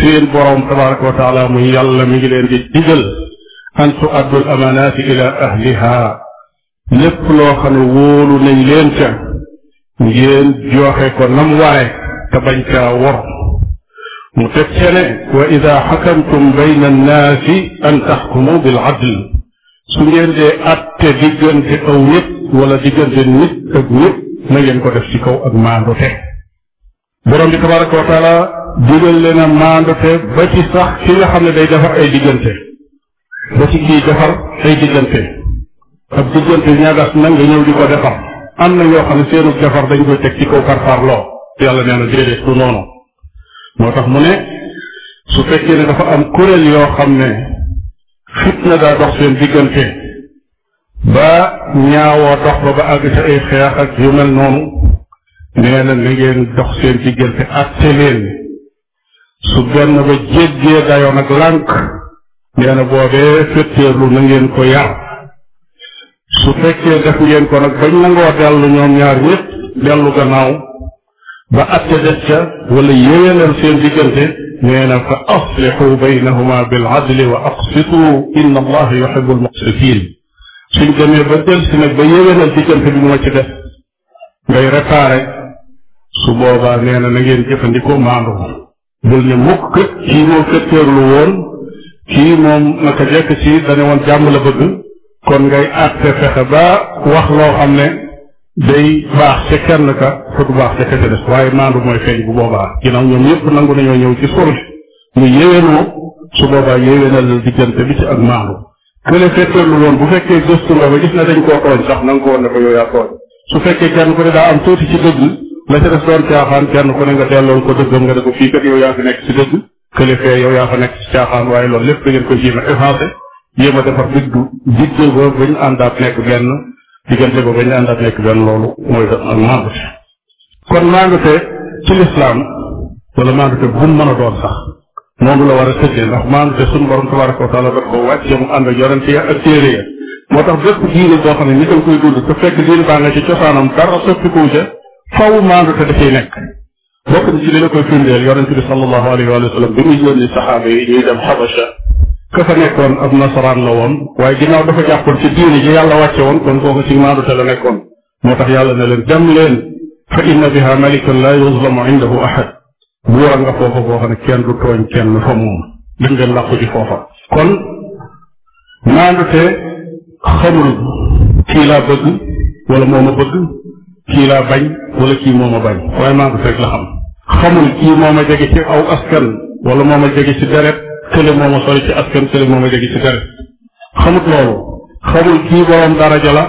seen borom tabaraka wa taala muy yàlla mi ngi leen di digal an tuaddu al amanati ila ahliha lépp loo xam ne wóolu nañ leen ca ngeen joxe ko nam ware te bañ caa wor mu teg ca ne wa ida xakamtum bayna annaasi an taxkumu bil adl su ngeen dee atte diggante aw nit wala diggante nit ak nit na ngeen ko def ci kaw ak maandu te borom bi tabaraka wa taala leen a maandu te ba ci sax ki nga xam ne day defar ay diggante ba ci kii defar ay diggante ak diggante ñagas na nga ñëw di ko defar am na ñoo xam ne seenu defar dañ koy teg ci kaw parparloo yàlla nee na déedéet du noonu moo tax mu ne su fekkee ne dafa am kuréel yoo xam ne fitna daa dox seen diggante ba ñaawoo dox ba ba àgg ci xeex ak yu mel noonu nee na li ngeen dox seen diggante atte leen su benn ba jéggee dayoo nag lànk nee na boobee fetteerlu na ngeen ko yar su fekkee def ngeen ko nag bañ nangoo dellu ñoom ñaar ñëpp dellu gannaaw ba atte des ca wala yéwénal seen diggante nee na fa aslixu baynahuma bil adli wa aqsitu inna allaha yuhibbul muqsitin suñ demee ba del si nag ba yéwénal diggante bi moo ci def ngay réparé su boobaa nee na na ngeen jëfandikoo maandu bul ne mukk woon kii moom jekk ci dane woon jàmm la kon ngay àtte fexe wax loo xam ne day baax ca kenn ka te baax ca waaye maandu mooy feeñ bu boobaa ginnaaw ñoom ñëpp nangu nañoo ñëw ci solu mu yéwénoo su boobaa yéwénal diggante bi ci ak maandu bu ne woon bu fekkee gëstu nga ba gis na dañ koo tooñ sax na nga ko woon ne ko yow yaa tooñ su fekkee kenn ku ne daa am tuuti ci dëgg la ca des doon caaxaan kenn ku ne nga delloon ko dëggam nga ne ko fii kat yow yaa fi nekk ci dëgg kële fee yaa fa nekk ci caaxaan waaye loolu lépp da ngeen koy jéem a effacé jéem a defar diggu diggu ba bañ àndaat nekk benn diggante ba bañ àndaat nekk benn loolu mooy ak màndute kon màndute ci lislaam a noonu la war a tëddee ndax maandu te suñu borom tabaraka wa taala daf moo tax bépp diine boo xam ne nit a koy dund te fekk diine baa nga ci cosaanam dara soppikuwu ca faw maandu te dafay nekk na ci li la koy firndeel yorente bi sallallahu alayhi wa sallam bi muy yónni saxaaba yi ñuy dem xabasha ka fa nekkoon ab nasaraan la woon waaye ginnaaw dafa jàppoon ci diine ji yàlla wàcce woon kon kooku ci maandu te la nekkoon moo tax yàlla ne leen dem leen fa inna biha malikan la yuzlamu indahu ahad buura nga foofa boo xam ne kenn du tooñ kenn fa moom li ngeen làqu ci foofa kon maandute xamul kii laa bëgg wala moo ma bëgg kii laa bañ wala kii moo ma bañ waaye maandute rek la xam xamul kii moo ma jege ci aw askan wala moo ma jege ci deret kële moo ma sori ci askan kële moo ma jege ci deret xamut loolu xamul kii boroom daraja la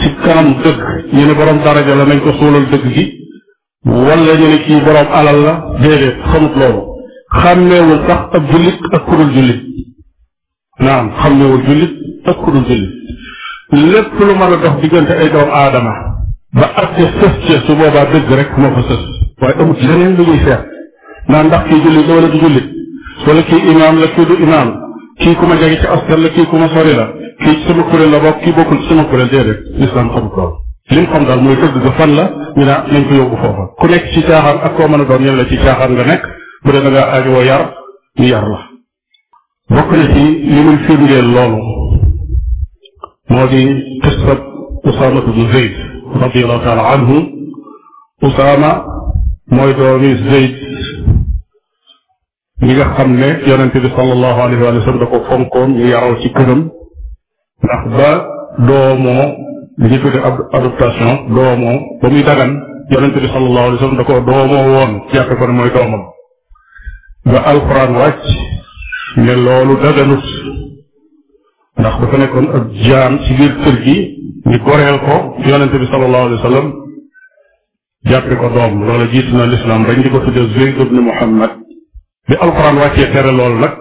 ci kanam dëgg ñu ne boroom daraja la nañ ko suulal dëgg gi mu wan la ñu ne kii boroom alal la déedéet xamut loolu xàmmeewul sax ab jullit ak kudul jullit naam xàmmeewul jullit ak kudul jullit ku lu mën a dox diggante ay doom aadama ba atte sës ca su boobaa dëgg rek moo fa sës waaye amut leneen lu i seet naan ndax kii jullit la wala du jullit wala kii imaam la kii du imaam kii ku ma jege ci askan la kii ku ma sori la kii ci sama kuréel la bokk kii bokkul ci sama kuréel déedéet lislaam xamut loolu li mu xam daal mooy dëgg ga fan la ñu naa ah nañ ko yóbbu foofa ku nekk ci caaxaan ak koo mën a doon ñen la ci caaxaan nekk bu dee da ngaa aajowoo yar ñu yar la bokk na ci li muy firndeel loolu moo di qissab Usaama ibn Zayd radiallahu taala anhu Usaama mooy doomi Zayd mi nga xam ne yonente bi sallallahu alayhi wa li ñu tuddee ab adoption doomoo ba muy dagan yonente bi sallallahu alayhi wa da koo doomoo woon jàppe ko ne mooy doomam ba alxuraan wàcc ne loolu daganut ndax dafa nekkoon ab jaam ci biir kër gi ñu goreel ko yonente bi sallallahu alayhi wa jàppe ko doom loola jiitu na lislaam dañ di ko tudde Zayd ibn Muhammad bi alxuraan wàccee tere loolu nag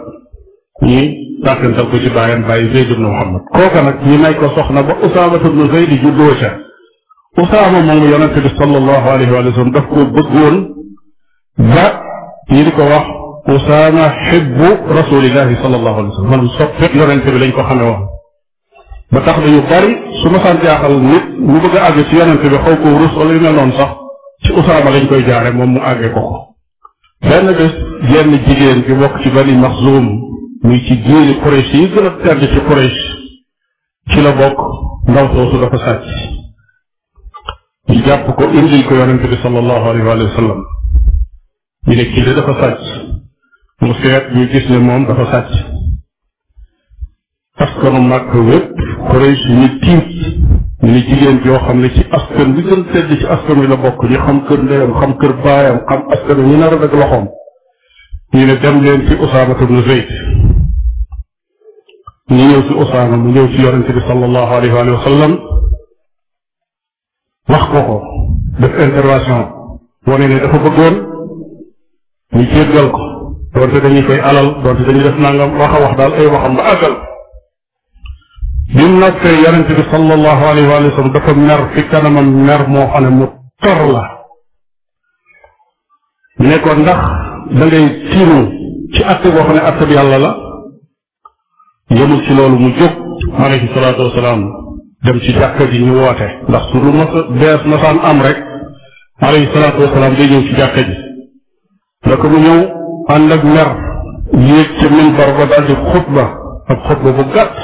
ñi tàkkantal ko ci baayam bàyyi Zayd ibnu Muhammad kooka nag ñi may ko soxna ba Usaama ibnu Zayd juddoo ca Usaama moomu yonente bi sallallahu alayhi wa sallam daf ko bëggoon ba ñi di ko wax Usaama xibbu rasulillahi sallallahu alayhi wa sallam man soppi yonente bi lañ ko xamee woon ba tax dañu bari su ma saan jaaxal nit mu bëgg a àgg ci yonente bi xaw ko rus wala yu mel sax ci Usaama lañ koy jaare moom mu àggee ko ko benn bés jenn jigéen bi bokk ci Bani Maxzum muy ci jéeri Quraysh yi gën a tedd ci Quraysh ci la bokk ndaw soosu dafa sàcc ñu jàpp ko indil ko yonente bi sallallahu alayhi wa sallam ñu ne kii dafa sàcc mu seet ñu gis ne moom dafa sàcc askanu màkk wépp Quraysh ñu tiit ñu ne jigéen joo xam ne ci askan bi gën tedd ci askan wi la bokk ñu xam kër ndeyam xam kër baayam xam askan wi ñu nar a dëgg loxoom ñu ne dem leen ci Usaamatu bnu Zayd ñu ñëw ci Usaama mu ñëw ci yonente bi sallallahu alayhi wa sallam wax ko ko def intervention wane ne dafa bëggoon ñu jéggal ko doonte dañuy koy alal doonte dañuy def nangam wax a wax daal ay waxam ba àggal bi mu noppee yonente bi sallallahu alayhi wa sallam dafa mer fi kanamam mer moo xam ne mu tor la ne ko ndax da ngay ci atte boo ne atte bi yàlla la yëmul ci loolu mu jóg alayhi salaatu wasalaam dem ci jàkka ji ñu woote ndax su lu mas am rek alayhi salaatu wasalaam day ñëw ci jàkka ji mu ñëw ànd ak mer yéeg ca minbar ba daal di xutba ak xutba bu gàtt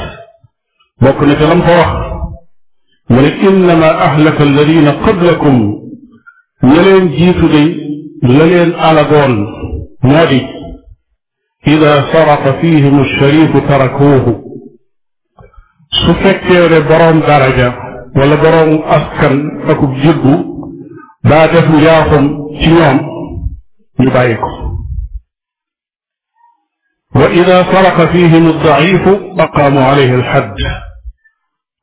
bokk na ca lam fa wax mu ne innama ahlaka alladina qablakum ña ida sarafa fihim alsharifu tarakuuhu su fekkee ne boroom daraja wala boroom askan akub jëggu daa def njaaxum ci ñoom ñu bàyyi ko wa ida sarafa fihim aldaifu aqaamu alayhi alxadd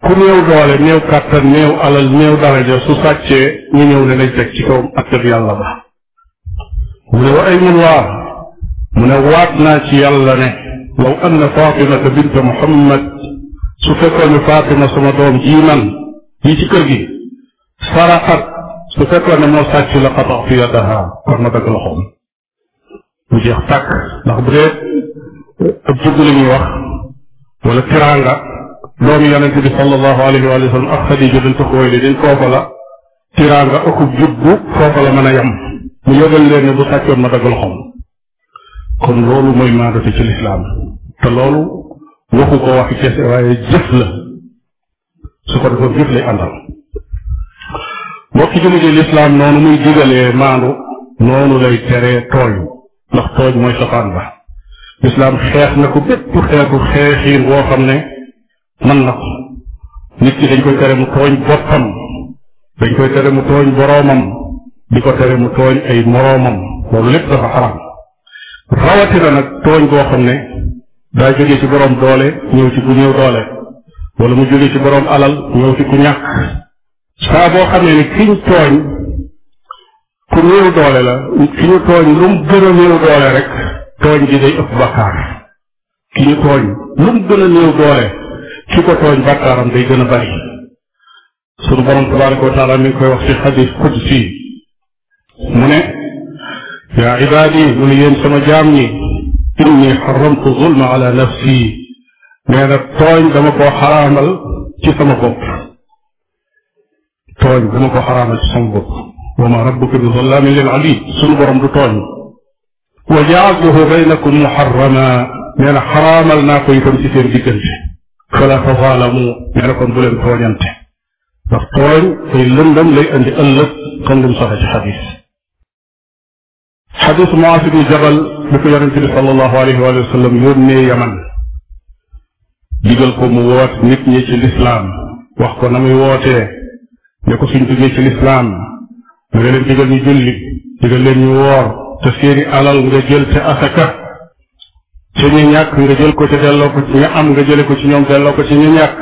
ku néew doole néew kàttan néew alal néew daraja su sàccee ñu ñëw ne nañ teg ci kawam attab yàlla ba mu ne wa aymu llah mu ne waat naa ci yàlla ne law anna fatimata bint muhammad su fekkoon ne fatima sama doom jii man yi ci kër gi saraxat su fekkoon ne moo sàcc la qataxtu yadaha war ma dagg loxoom mu jeex tàkk ndax bu dee ab jubbu la ñuy wax wala tiraanga doomu yonente bi sallallahu alayhi wa sallam ak xadija bint xuwaylid din foofa la tiraanga akub jubbu foofa la mën a yem mu yëgal leen ne bu sàccoon ma dagg loxoom kon loolu mooy maandatu ci lislaam te loolu waxu ko waxi kese waaye jëf la su ko defoon jëf lay àndal mbokki jullit yi lislaam noonu muy digalee maandu noonu lay teree tooñ ndax tooñ mooy safaan ba lislaam xeex na ko bépp xeetu xeexiin woo xam ne mën na ko nit ki dañ koy tere mu tooñ boppam dañ koy tere mu tooñ boroomam di ko tere mu tooñ ay moroomam loolu lépp dafa xaram rawatina nag tooñ boo xam ne daa jóge ci boroom doole ñëw ci ku ñëw doole wala mu jóge ci boroom alal ñëw ci ku ñàkk saa boo xamee ne ki ñu tooñ ku néew doole la ki ñu tooñ lu mu gën a néew doole rek tooñ gi day ëpp bàkkaar ki ñu tooñ lu mu gën a néew doole ki ko tooñ bàkkaaram day gën a bari sunu borom tabaraka wa taala mi ngi koy wax ci xadis qudsi mu ne yaa ibaadi mu ne yéen sama jaam ñi inni xaramtu zulma ala nafsi nee na tooñ dama koo xaraamal ci sama bopp tooñ dama ko xaraamal ci sama bopp wa ma rabbuka bi zallaamin lil abid sunu borom du tooñ wa jaaltuhu baynakum muharrama nee na xaraamal naa ko itam ci seen diggante fala tazaalamu nee na kon bu leen tooñante ndax tooñ ay lëndam lay andi ëllëg kon lim saxe ci xadis xadis Muaas ibnu Jabal bi ko yonente bi sallallahu alayhi wa yónnee Yaman digal ko mu woot nit ñi ci lislaam wax ko na muy wootee ne ko suñ duggee ci lislaam nga leen digal ñu julli digal leen ñu woor te seeni alal nga jël te asaka te ñu ñàkk nga jël ko ci delloo ko ci ña am nga jële ko ci ñoom delloo ko ci ñu ñàkk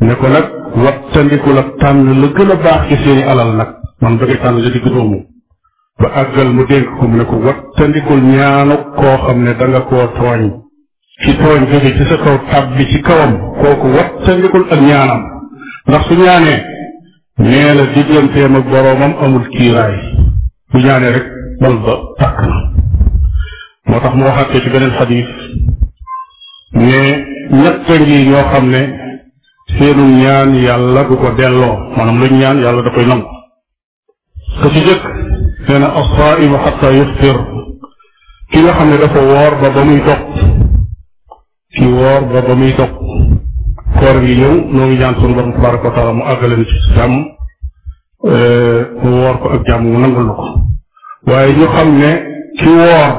ne ko nag wattandiku la tànn la gën a baax ci seeni alal nag man bëgg tànn la digg doomu ba àggal mu dénk ko mu ne ko wattandikul ñaanu koo xam ne da nga koo tooñ ci tooñ jóge ci sa kaw tab bi ci kawam kooku wattandikul ak ñaanam ndax su ñaanee nee la digganteem ak boroomam amul kiiraay bu ñaanee rek bal ba takk na moo tax mu waxaat ci beneen xadiis mais ñett ngi ñoo xam ne seenu ñaan yàlla du ko delloo maanaam luñ ñaan yàlla da koy nangu ko ci jëkk nee a assaaimu xata yuftir ki nga xam ne dafa woor ba ba muy dog ki woor ba ba muy dog koor gi ñëw noo ngi ñaan sunu borom tabaraka wa taala mu àggaleen ci jàmm eh, mu woor ko ak jàmm mu nangul ko waaye ñu xam ne ki woor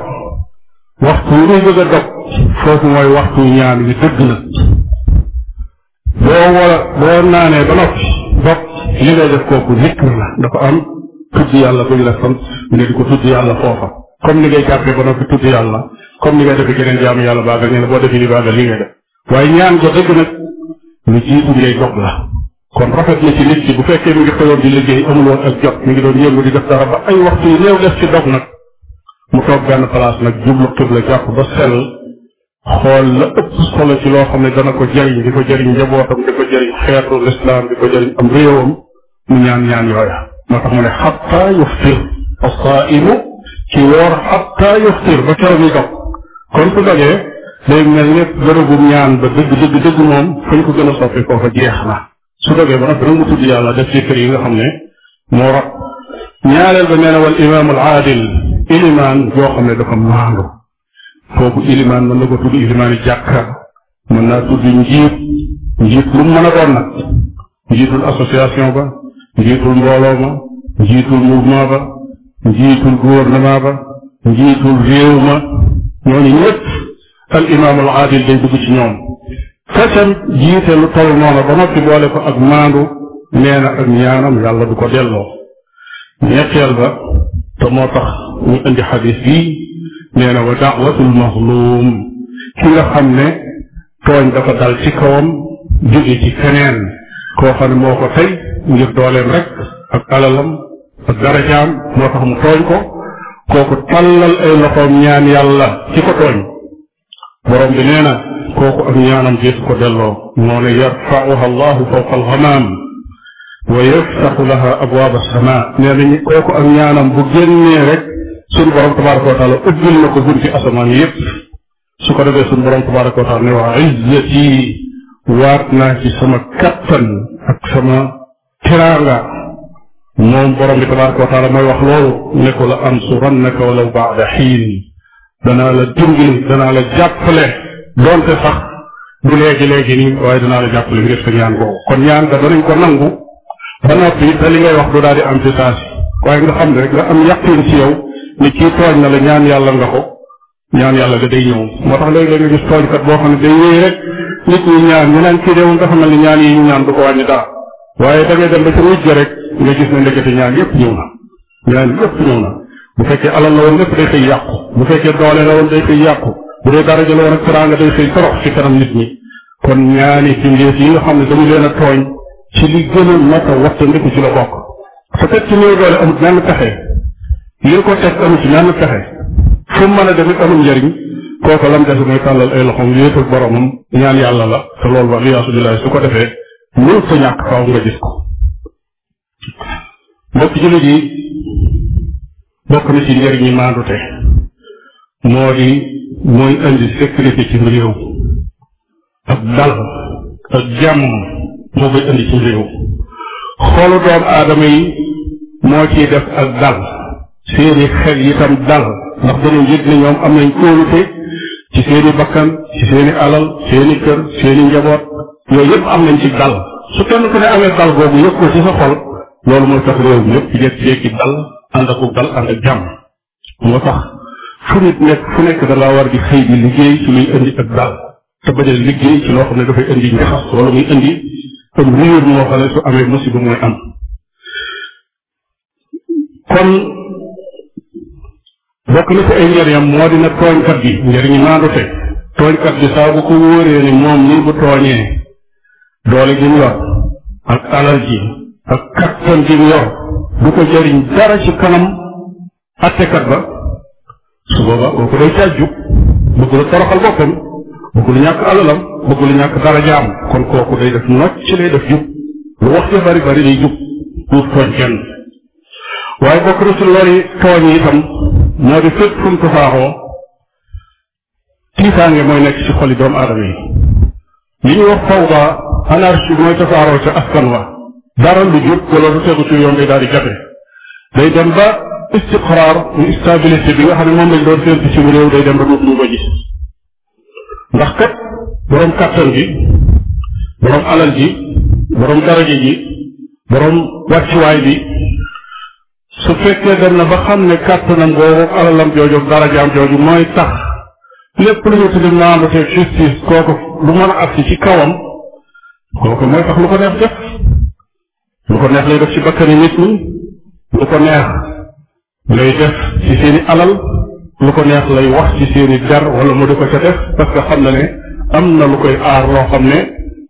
waxtu wi muy bëgg a mooy waxtu ñaan wi dëgg la boo wala boo ba noppi dog li ngay def kooku zikr la dafa tudd yàlla la sant nga di ko tudd yàlla foofa comme ni ngay jàppee ba noppi tudd yàlla comme ni ngay defee geneen jaamu yàlla baaga nee na boo defee li baaga li ngay def waaye ñaan ko dëgg nag lu jiitu ngay dog la kon rafet na ci nit ki bu fekkee mi ngi xëyoon di liggéey amul woon ak jot mi ngi doon yëngu di def dara ba ay waxtu yu néew def ci dog nag mu toog benn place nag jublu xibla jàpp ba sell xool la ëpp solo ci loo xam ne dana ko jariñ di ko jariñ njabootam di ko jariñ xeetu lislaam di ko jariñ am réewam mu moo tax mu ne xatta yuftir asaimu ci woor xatta yuftir ba keroog yi kon su dogee day mel ne bërëbu ba dëgg dëgg moom fañ ko gën a soppi foofa jeex na su dogee ba noppi nag mu tudd yàlla def ci kër yi nga xam ne moo rab ñaareel ba nee na wal imaam al aadil ilimaan yoo xam ne dafa maandu kooku ilimaan mën na ko tudd ilimaani jàkka mën naa tudd njiit njiit lu mu mën a doon nag njiitul ba njiitul mbooloo ma njiitul mouvement ba njiitul gouvernement ba njiitul réew ma ñooñu ñëpp al imaam al aadil day dugg ci ñoom feccam jiite lu toll noonu ba noppi boole ko ak maandu nee na ak ñaanam yàlla du ko delloo ñetteel ba te moo tax ñu indi xadis bii nee na wa daawatul mazlum ki nga xam ne tooñ dafa dal ci kawam jóge ci keneen koo xam ne moo ko tey ngir dooleem rek ak alalam ak darajaam moo tax mu tooñ ko kooku tàllal ay loxoom ñaan yàlla ci ko tooñ borom bi nee na kooku ak ñaanam gis ko delloo moo ne yarfauha allahu fawqa alxamaam wa yaftaxu laha abwaab alsama ak ñaanam bu génnee rek suñu borom tabaraka wa taala ubbil na ko bunti asamaan yépp su ko defee suñu borom tabaraka wa taala ne waa izzati waat naa ci sama kattan ak sama tiraanga moom borom bi tabaraka wa taala mooy wax loolu ne ko la ansurannaka walaw baada xiin danaa la dimbali danaa la jàppale doonte sax du léegi léegi nii waaye danaa la jàppale ngir sa ñaan googu kon ñaan ka danañ ko nangu ba noppi te li ngay wax du daal di am ci saasi waaye nga xam ne rek nga am yàqin ci yow ni kii tooñ na la ñaan yàlla nga ko ñaan yàlla nga day ñëw moo tax léegi nga gis tooñkat boo xam ne day wéy rek nit ñi ñaan ñu naan kii de moom dafa mel ni ñaan yi ñu ñaan waaye da dem ba ci mujj rek nga gis ne ndekete ñaan yëpp ñëw na ñaan yëpp ñëw na bu fekkee alal la woon lépp day xëy yàqu bu fekkee doole la woon day xëy yàqu bu dee daraja la woon ak teraanga day xëy torox ci kanam nit ñi kon yi nga xam ne dañu leen a tooñ ci li gën a mat a wattandiku ci la bokk benn pexe li ko teg amul ci benn pexe fu mën a demit amul njëriñ kooku lam def mooy tàllal ay loxoom ñaan yàlla la te loolu ba liyaasu billahi su ko defee mënu ko ñàkk faaw nga gis ko mbokk jullit yi bokk na ci njëriñi maandute moo di mooy indi sécurité ci réew ak dal ak jàmm moo koy indi ci réew xoolu doom aadama yi moo ciy def ak dal seeni xel itam dal ndax dañu yëg ne ñoom am nañ kóolute ci seeni bakkan ci seeni alal seeni kër seeni njaboot yooyu yëpp am nañ ci dal su kenn ku ne amee dal boobu yëpp ci sa xol loolu mooy tax réew mi yëpp ci jekk ci jekki dal ànd ak dal ànd ak jàmm moo tax fu nit nekk fu nekk da war di xëy di liggéey ci loo xam ne dafay indi njaxas wala muy indi am réer moo xam ne su amee musiba mooy am kon bokk na ci ay njariñam moo dina tooñkat bi njariñu naandu te tooñkat bi saa ko wóoree ni moom nii bu tooñee doole gi mu yor ak alal ji ak kattan gi mu yor du ko jëriñ dara ci kanam attekat ba su boobaa kooku day càjju bëggul toroxal boppam lu ñàkk alalam bëggul ñàkk dara jaam kon kooku day def nocc ci lay def jub lu wax ci bari bari day jub duuf tooñ kenn waaye bokk na ci lori tooñ yi itam moo di fépp fu mu tufaaxoo mooy nekk ci xoli doomu aadama yi li ñuy wax fawda anarchie mooy tasaaroo ca askan wa dara bi jub wala lu tegu ci yoon day daal di jafe day dem ba istiqraar mu stabilité bi nga xam ne moom lañ doon séntu ci réew day dem ba dootuñu ko gis ndax kat boroom kàttan gi boroom alal gi boroom daraja ji boroom wàccuwaay bi su fekkee dem na ba xam ne kàttanam googu alalam jooju darajaam jooju mooy tax lépp lu ñu tudde maandu te justice kooku du mën a agsi ci kawam kooku mooy tax lu ko neex def lu ko neex lay def ci bakkani nit ñi lu ko neex lay def ci seeni alal lu ko neex lay wax ci seeni der wala mu di ko ca def parce que xam na ne am na lu koy aar loo xam ne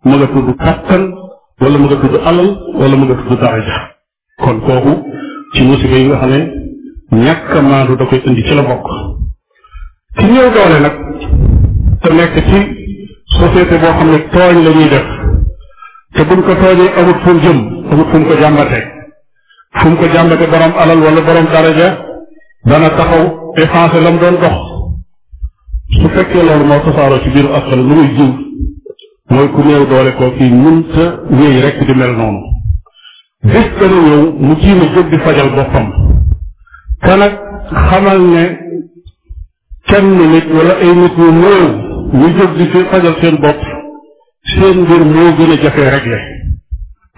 mu nga tudd kàttan wala mu nga tudd alal wala mu nga tudd daraja kon kooku ci musiba yi nga xam ne ñàkk maandu da koy indi ci la bokk ki ñëw doole nag te nekk ci société boo xam ne tooñ la ñuy def te buñ ko tooñee amut fu mu jëm amut fu mu ko jàmbate fu mu ko jàmbate borom alal wala borom daraja dana taxaw effacé la mu doon dox su fekkee loolu moo tasaaroo ci biiru askan lu muy jiw mooy ku néew doole koo kii mënta wéy rek di mel noonu bés dana ñëw mu jiima jóg di fajal boppam te xamal ne kenn nit wala ay nit ñu néew ñu jóg di fi fajal seen bopp seen mbir moo gën a jafee réglé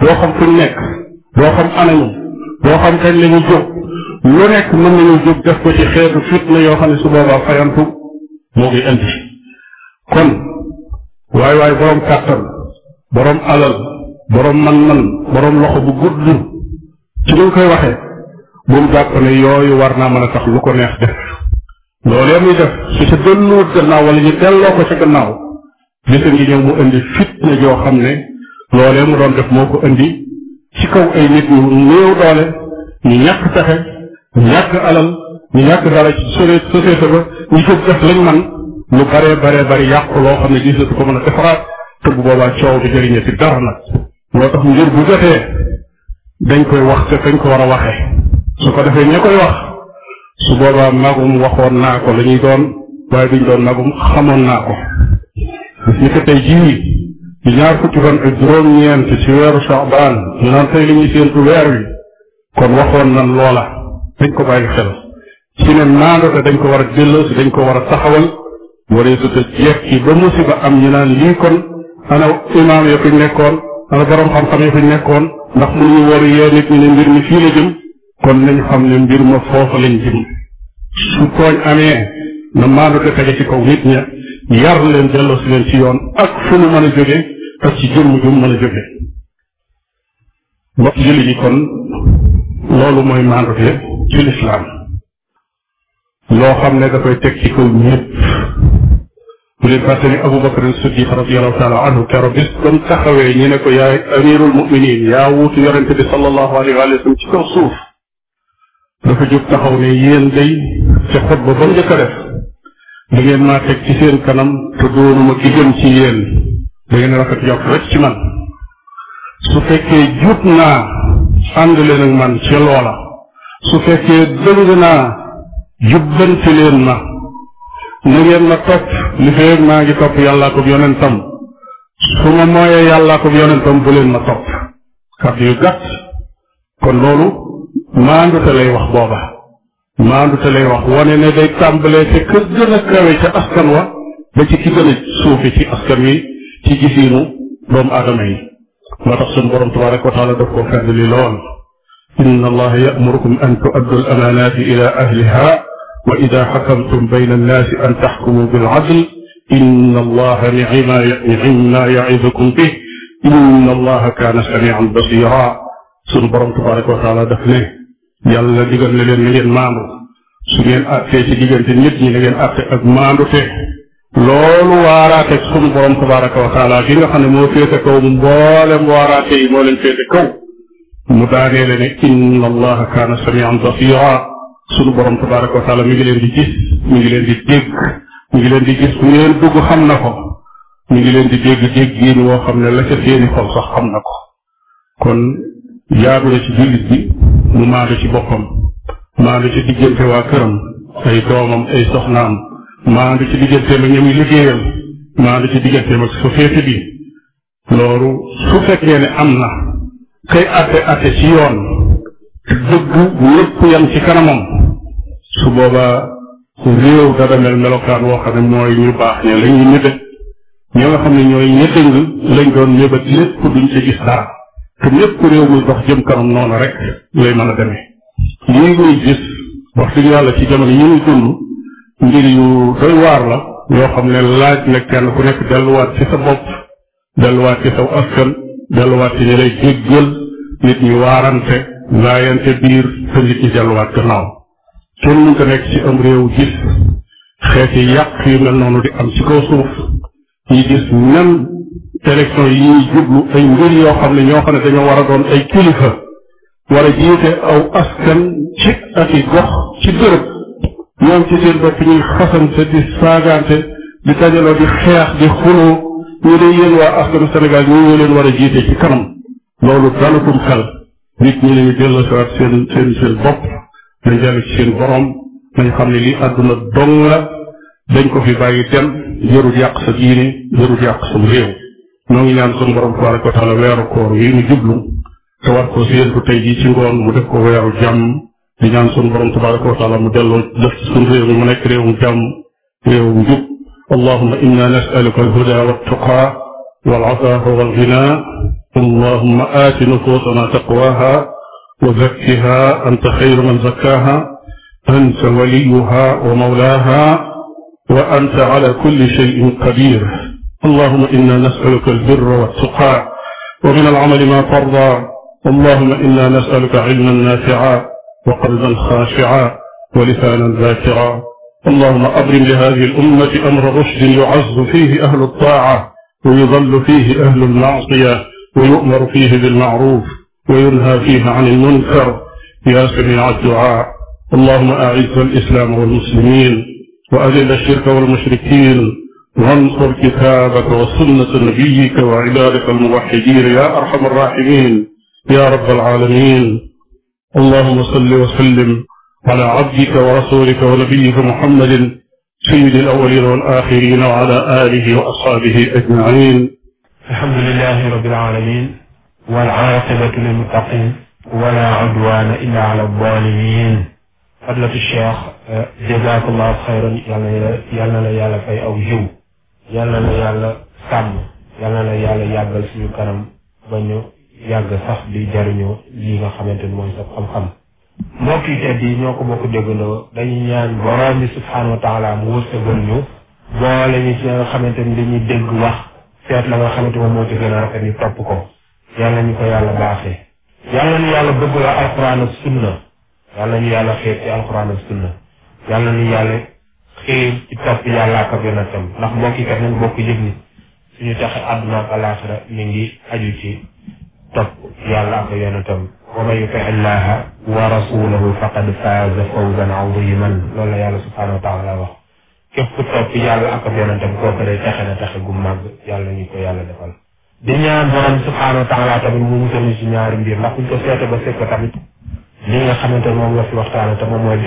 doo xam fu ñu nekk doo xam anañu doo xam kañ la jóg lu nekk mën nañu jóg def ko ci xeetu fitna yoo xam ne su boobaa fayantu moo ngi indi kon waay waay boroom kàttan boroom alal boroom man-man boroom loxo bu gudd ci ni koy waxee bu mu jàpp yooyu war naa mën a tax lu ko neex def loolu ya muy def su ca delluwut gannaaw wala ñu delloo ko ca gannaaw bisa ngi ñëw mu indi fitna joo xam ne loolee mu doon def moo ko indi ci kaw ay nit ñu néew doole ñu ñàkk pexe ñu ñàkk alal ñu ñàkk dara ci société ba ñu ko def lañ man lu baree baree bari yàqu loo xam ne gisatu ko mën a defaraat te bu boobaa coow du jëriñee ci dara nag moo tax ngir bu jotee dañ koy wax te fañ ko war a waxee su ko defee ña koy wax su boobaa magum waxoon naa ko la ñuy doon waaye duñ doon magum xamoon naa ko bis ni ko tey jii di ñaar fukki fan ak juróom-ñeent ci weeru Saabaan ñu naan tey li ñuy séentu weer wi kon waxoon nan loola dañ ko bàyyi xel ci ne maandate dañ ko war a delloosi dañ ko war a taxawal waree su te jekki ba musiba am ñu naan lii kon ana imaam ya fuñ nekkoon ana borom xam-xam ya fuñ nekkoon ndax mënuñu war yee nit ñi ne mbir mi fii la jëm kon nañ xam ne mbir ma foofu lañ jëm su tooñ amee na maandu ko tege ci kaw nit ña yar leen delloo si ci yoon ak fu nu mën a jóge ak ci jëmm jum mën a jóge mbokk julli kon loolu mooy maandute ci lislaam loo xam ne dafay teg ci kaw ñëpp bu leen fàtte ni Abu Bakr Siddiq radiallahu taala anhu kero bis ne ko yaay amirul muminin yaa wuutu yonente bi sallallahu alayhi wa sallam ci kaw suuf dafa jóg taxaw ne yéen day ca xutba ba njëkk a def da ngeen maa teg ci seen kanam te doonuma ki gën ci yéen da ngeen rafet yokk rek ci man su fekkee jub naa ànd leen man ca loola su fekkee dëng naa jubbanti leen ma na ngeen ma topp li feeg maa ngi topp yàllaa ko yonentam su ma mooyee yàllaa ko yonentam bu leen ma topp kàddu yu gàtt kon loolu maandu te lay wax booba maandu te lay wax wane ne day tàmbalee te ka gën a kawe ca askan wa ba ci ki gën a suufe ci askan wi ci gisiinu doomu aadama yi moo tax sunu borom tabaraka wa taala daf koo fedd li lool inna allaha yamurukum an tuaddu al amaanaati ila ahliha wa ida xakamtum bayna annaasi an taxkumu bil adl inna allaha nicima nicima yacidukum bih inna allaha kaana samian basira sunu borom tabaraka wa taala daf ne yàlla digal na leen na ngeen maandu su ngeen àttee ci diggante nit ñi na ngeen àtte ak maandu te loolu waaraateeg sunu borom tabaraka wa taala bi nga xam ne moo féete kaw mboolem waaraate yi moo leen féete kaw mu daanee le ne inna allaha kaana samian basira sunu borom tabaraka wa taala mi ngi leen di gis mi ngi leen di dégg mi ngi leen di ngeen dugg xam na ko mu ngi leen di dégg dégg yéen woo xam ne la ca seeni xol sax xam na ko kon jaadu la ci jullit bi mu maandu ci boppam maandu ci diggante waa këram ay doomam ay soxnaam maandu ci digganteem ak ñamuy liggéeyal maandu ci digganteem ak société bi loolu su fekkee ne am na kay atte atte ci yoon te dëgg ñëpp yam ci kanamam su boobaa réew dana melokaan woo xam ne mooy ñu baax ne la ñuy ñoo xam ne ñooy ña lañ doon mébét lépp duñ ci gis dara te ñëpp réew muy dox jëm kanam noonu rek lay mën a demee lii muy gis wax dëgg yàlla ci jamono yi muy dund mbir yu doy waar la yoo xam ne laaj na kenn ku nekk delluwaat ci sa bopp delluwaat ci saw askan delluwaat ci ñi lay jéggal nit ñi waarante laayante biir te nit ñi delluwaat gannaaw kenn mën ko nekk ci am réew gis xeeti yàq yu mel noonu di am ci kaw suuf ñi gis même élection yi jublu ay mbir yoo xam ne ñoo xam ne dañoo war a doon ay kilifa war a jiite aw askan ci ak i gox ci bërëb ñoom ci seen bopp ñuy xasante di saagaante di dajaloo di xeex ñu dee yéen waa leen war a jiite ci kanam loolu dalatum xel nit seen seen seen bopp dañ dellu seen borom nañ xam ne lii àdduna dong la dañ ko fi bàyyi dem jërul yàq sa diine jërul yàq sam réew ñoo ngi ñaan sunu borom tabaraka wa taala weeru koor yi ñu jublu te war ko séentu tey jii ci ngoon mu def ko weeru jàmm di ñaan sunu borom tabaraka wa taala mu delloo def ci sunu réew mi mu nekk réewum jàmm réewum jub allahuma inna nasaluka alhuda waltuqa walafaafa walgina allahuma aati nufusana taqwaha wa zakkiha anta xayru man zakkaha anta waliyuha wa mawlaha wa anta ala kulli shayin qadir allahuma inna nasaluka albirra wattaqaa wa min alamali ma tardaa allahuma inna nasaluka ilman naafia wa qalban xaashia wa lisaanan zaakiraa allahuma abrim li hadihi alummati amra rushdin yucazzu fihi ahlu altaaca wa yudallu fihi ahlu almacsiya wa yu'maru fihi bilmacruuf wa yunhaa fihi an almunkar ya samiica adducaa allahuma aciz alislaama walmuslimin wa adil alshirka walmushrikin وانصر كتابك وسنة نبيك وعبادك الموحدين يا أرحم الراحمين يا رب العالمين اللهم صل وسلم على عبدك ورسولك ونبيك محمد سيد الأولين والآخرين وعلى آله وأصحابه أجمعين الحمد لله رب العالمين والعاقبة للمتقين ولا عدوان إلا على الظالمين فضلة الشيخ جزاك الله خيرا يلا يلا يلا يلا في أو جو yàlla na yàlla sàmm yal na yàlla yàggal suñu kanam ba ñu yàgg sax di jariñoo lii nga xamante ni mooy sa xam-xam mbokk yi tedd yi ñoo ko bokk déggandoo dañuy ñaan borom bi subhaanahu wa taala mu wërsëgal ñu boole ñu ci nga xamante ni dañuy dégg wax seet la nga xamante moom moo ci gën a rafet ñu topp ko yal na ñu ko yàlla baaxee yal na ñu yàlla bëgg la alxuraan ak sunna yal na yàlla xeet ci alxuraan ak sunna yal na ñu téye ci topp yàlla ak yonentam ndax mbokk yi kat nañ bokk yëg ni suñu texe àdduna ak alaaxira mi ngi aju ci topp yàlla ak yonentam wa man yuti illaha wa rasulahu faqad faaza fawzan aziman loolu la yàlla subhanahu wa taala wax képp ku topp yàlla ak yonentam kooku day texe na texe gu màgg yàlla ñu ko yàlla defal di ñaan borom subhanahu wa taala tamit mu musal ñu si ñaari mbir ndax ba seet tamit li nga xamante moom la fi waxtaane te moom mooy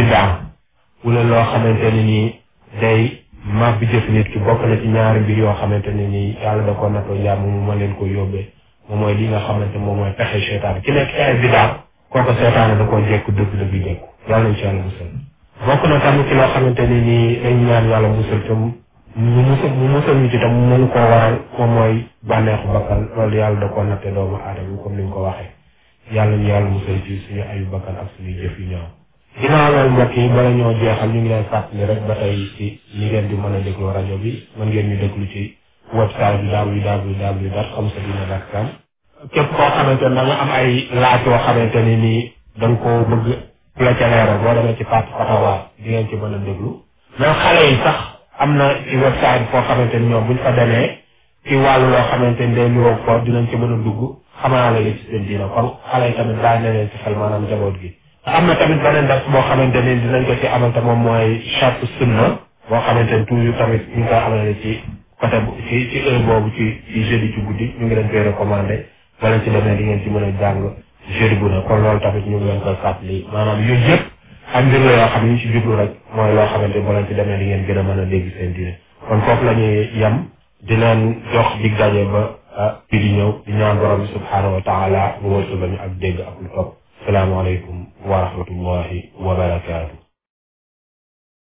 xamante ni nii day maaf bi jëf nit ki bokk na ci ñaari mbir yoo xamante ne nii yàlla da ko nattoo jàmm mu ma leen ko yóbbee moom mooy li nga xamante moom mooy pexe seetaan ci nekk ay bidaa kooku seetaane da koo jekku dëgg bi jekku yàlla nañ ci yàlla musal bokk na tamit ci loo xamante ne nii dañ ñaan yàlla musal te mu musal mu musal ñu ci tam mënu koo waral moom mooy bànneexu bakkan loolu yàlla da koo natte doomu aadama comme ni ñu ko waxee yàlla ñu yàlla musal ci suñu ayu bakkan ginnaaw loolu mbokk yi bala ñoo jeexal ñu ngi leen fàttali rek ba tey ci ñi ngeen di mën a déglu rajo bi mën ngeen ñu déglu ci website bi www.xamsadina.com képp koo xamante ne da nga am ay laaj yoo xamante ni nii da nga koo bëgg la ca leeral boo demee ci parti fatawa di ngeen ci mën a déglu même xale yi sax am na ci website foo xamante ni ñoom buñ fa demee ci wàllu loo xamante ni day niroog ko dinañ ci mën a dugg xamaa la li ci seen diina kon xale yi tamit bàyyi na leen ci xel maanaam gi am na tamit beneen dars boo xamante ni dinañ ko ci amal te moom mooy charte sunna boo xamante ni toujours tamit ñu ngi koy amale ci côté ci ci heure boobu ci ci jeudi ci ñu ngi leen koy recommandé wala ci demee di ngeen ci mën a jàng jeudi na ne kon loolu tamit ñu ngi leen koy fàttali maanaam yooyu yëpp ak mbir la yoo xam ne ñu ci jublu rek mooy loo xamante ni boo leen ci demee di ngeen gën a mën a dégg seen diine kon foofu la ñuy yem di leen jox dig daje ba bi ah, di ñëw di ñaan borom bi subhaanahu wa taala mu ñu ak dégg salaamaaleykum wa rahmatullahi wa barakaatu.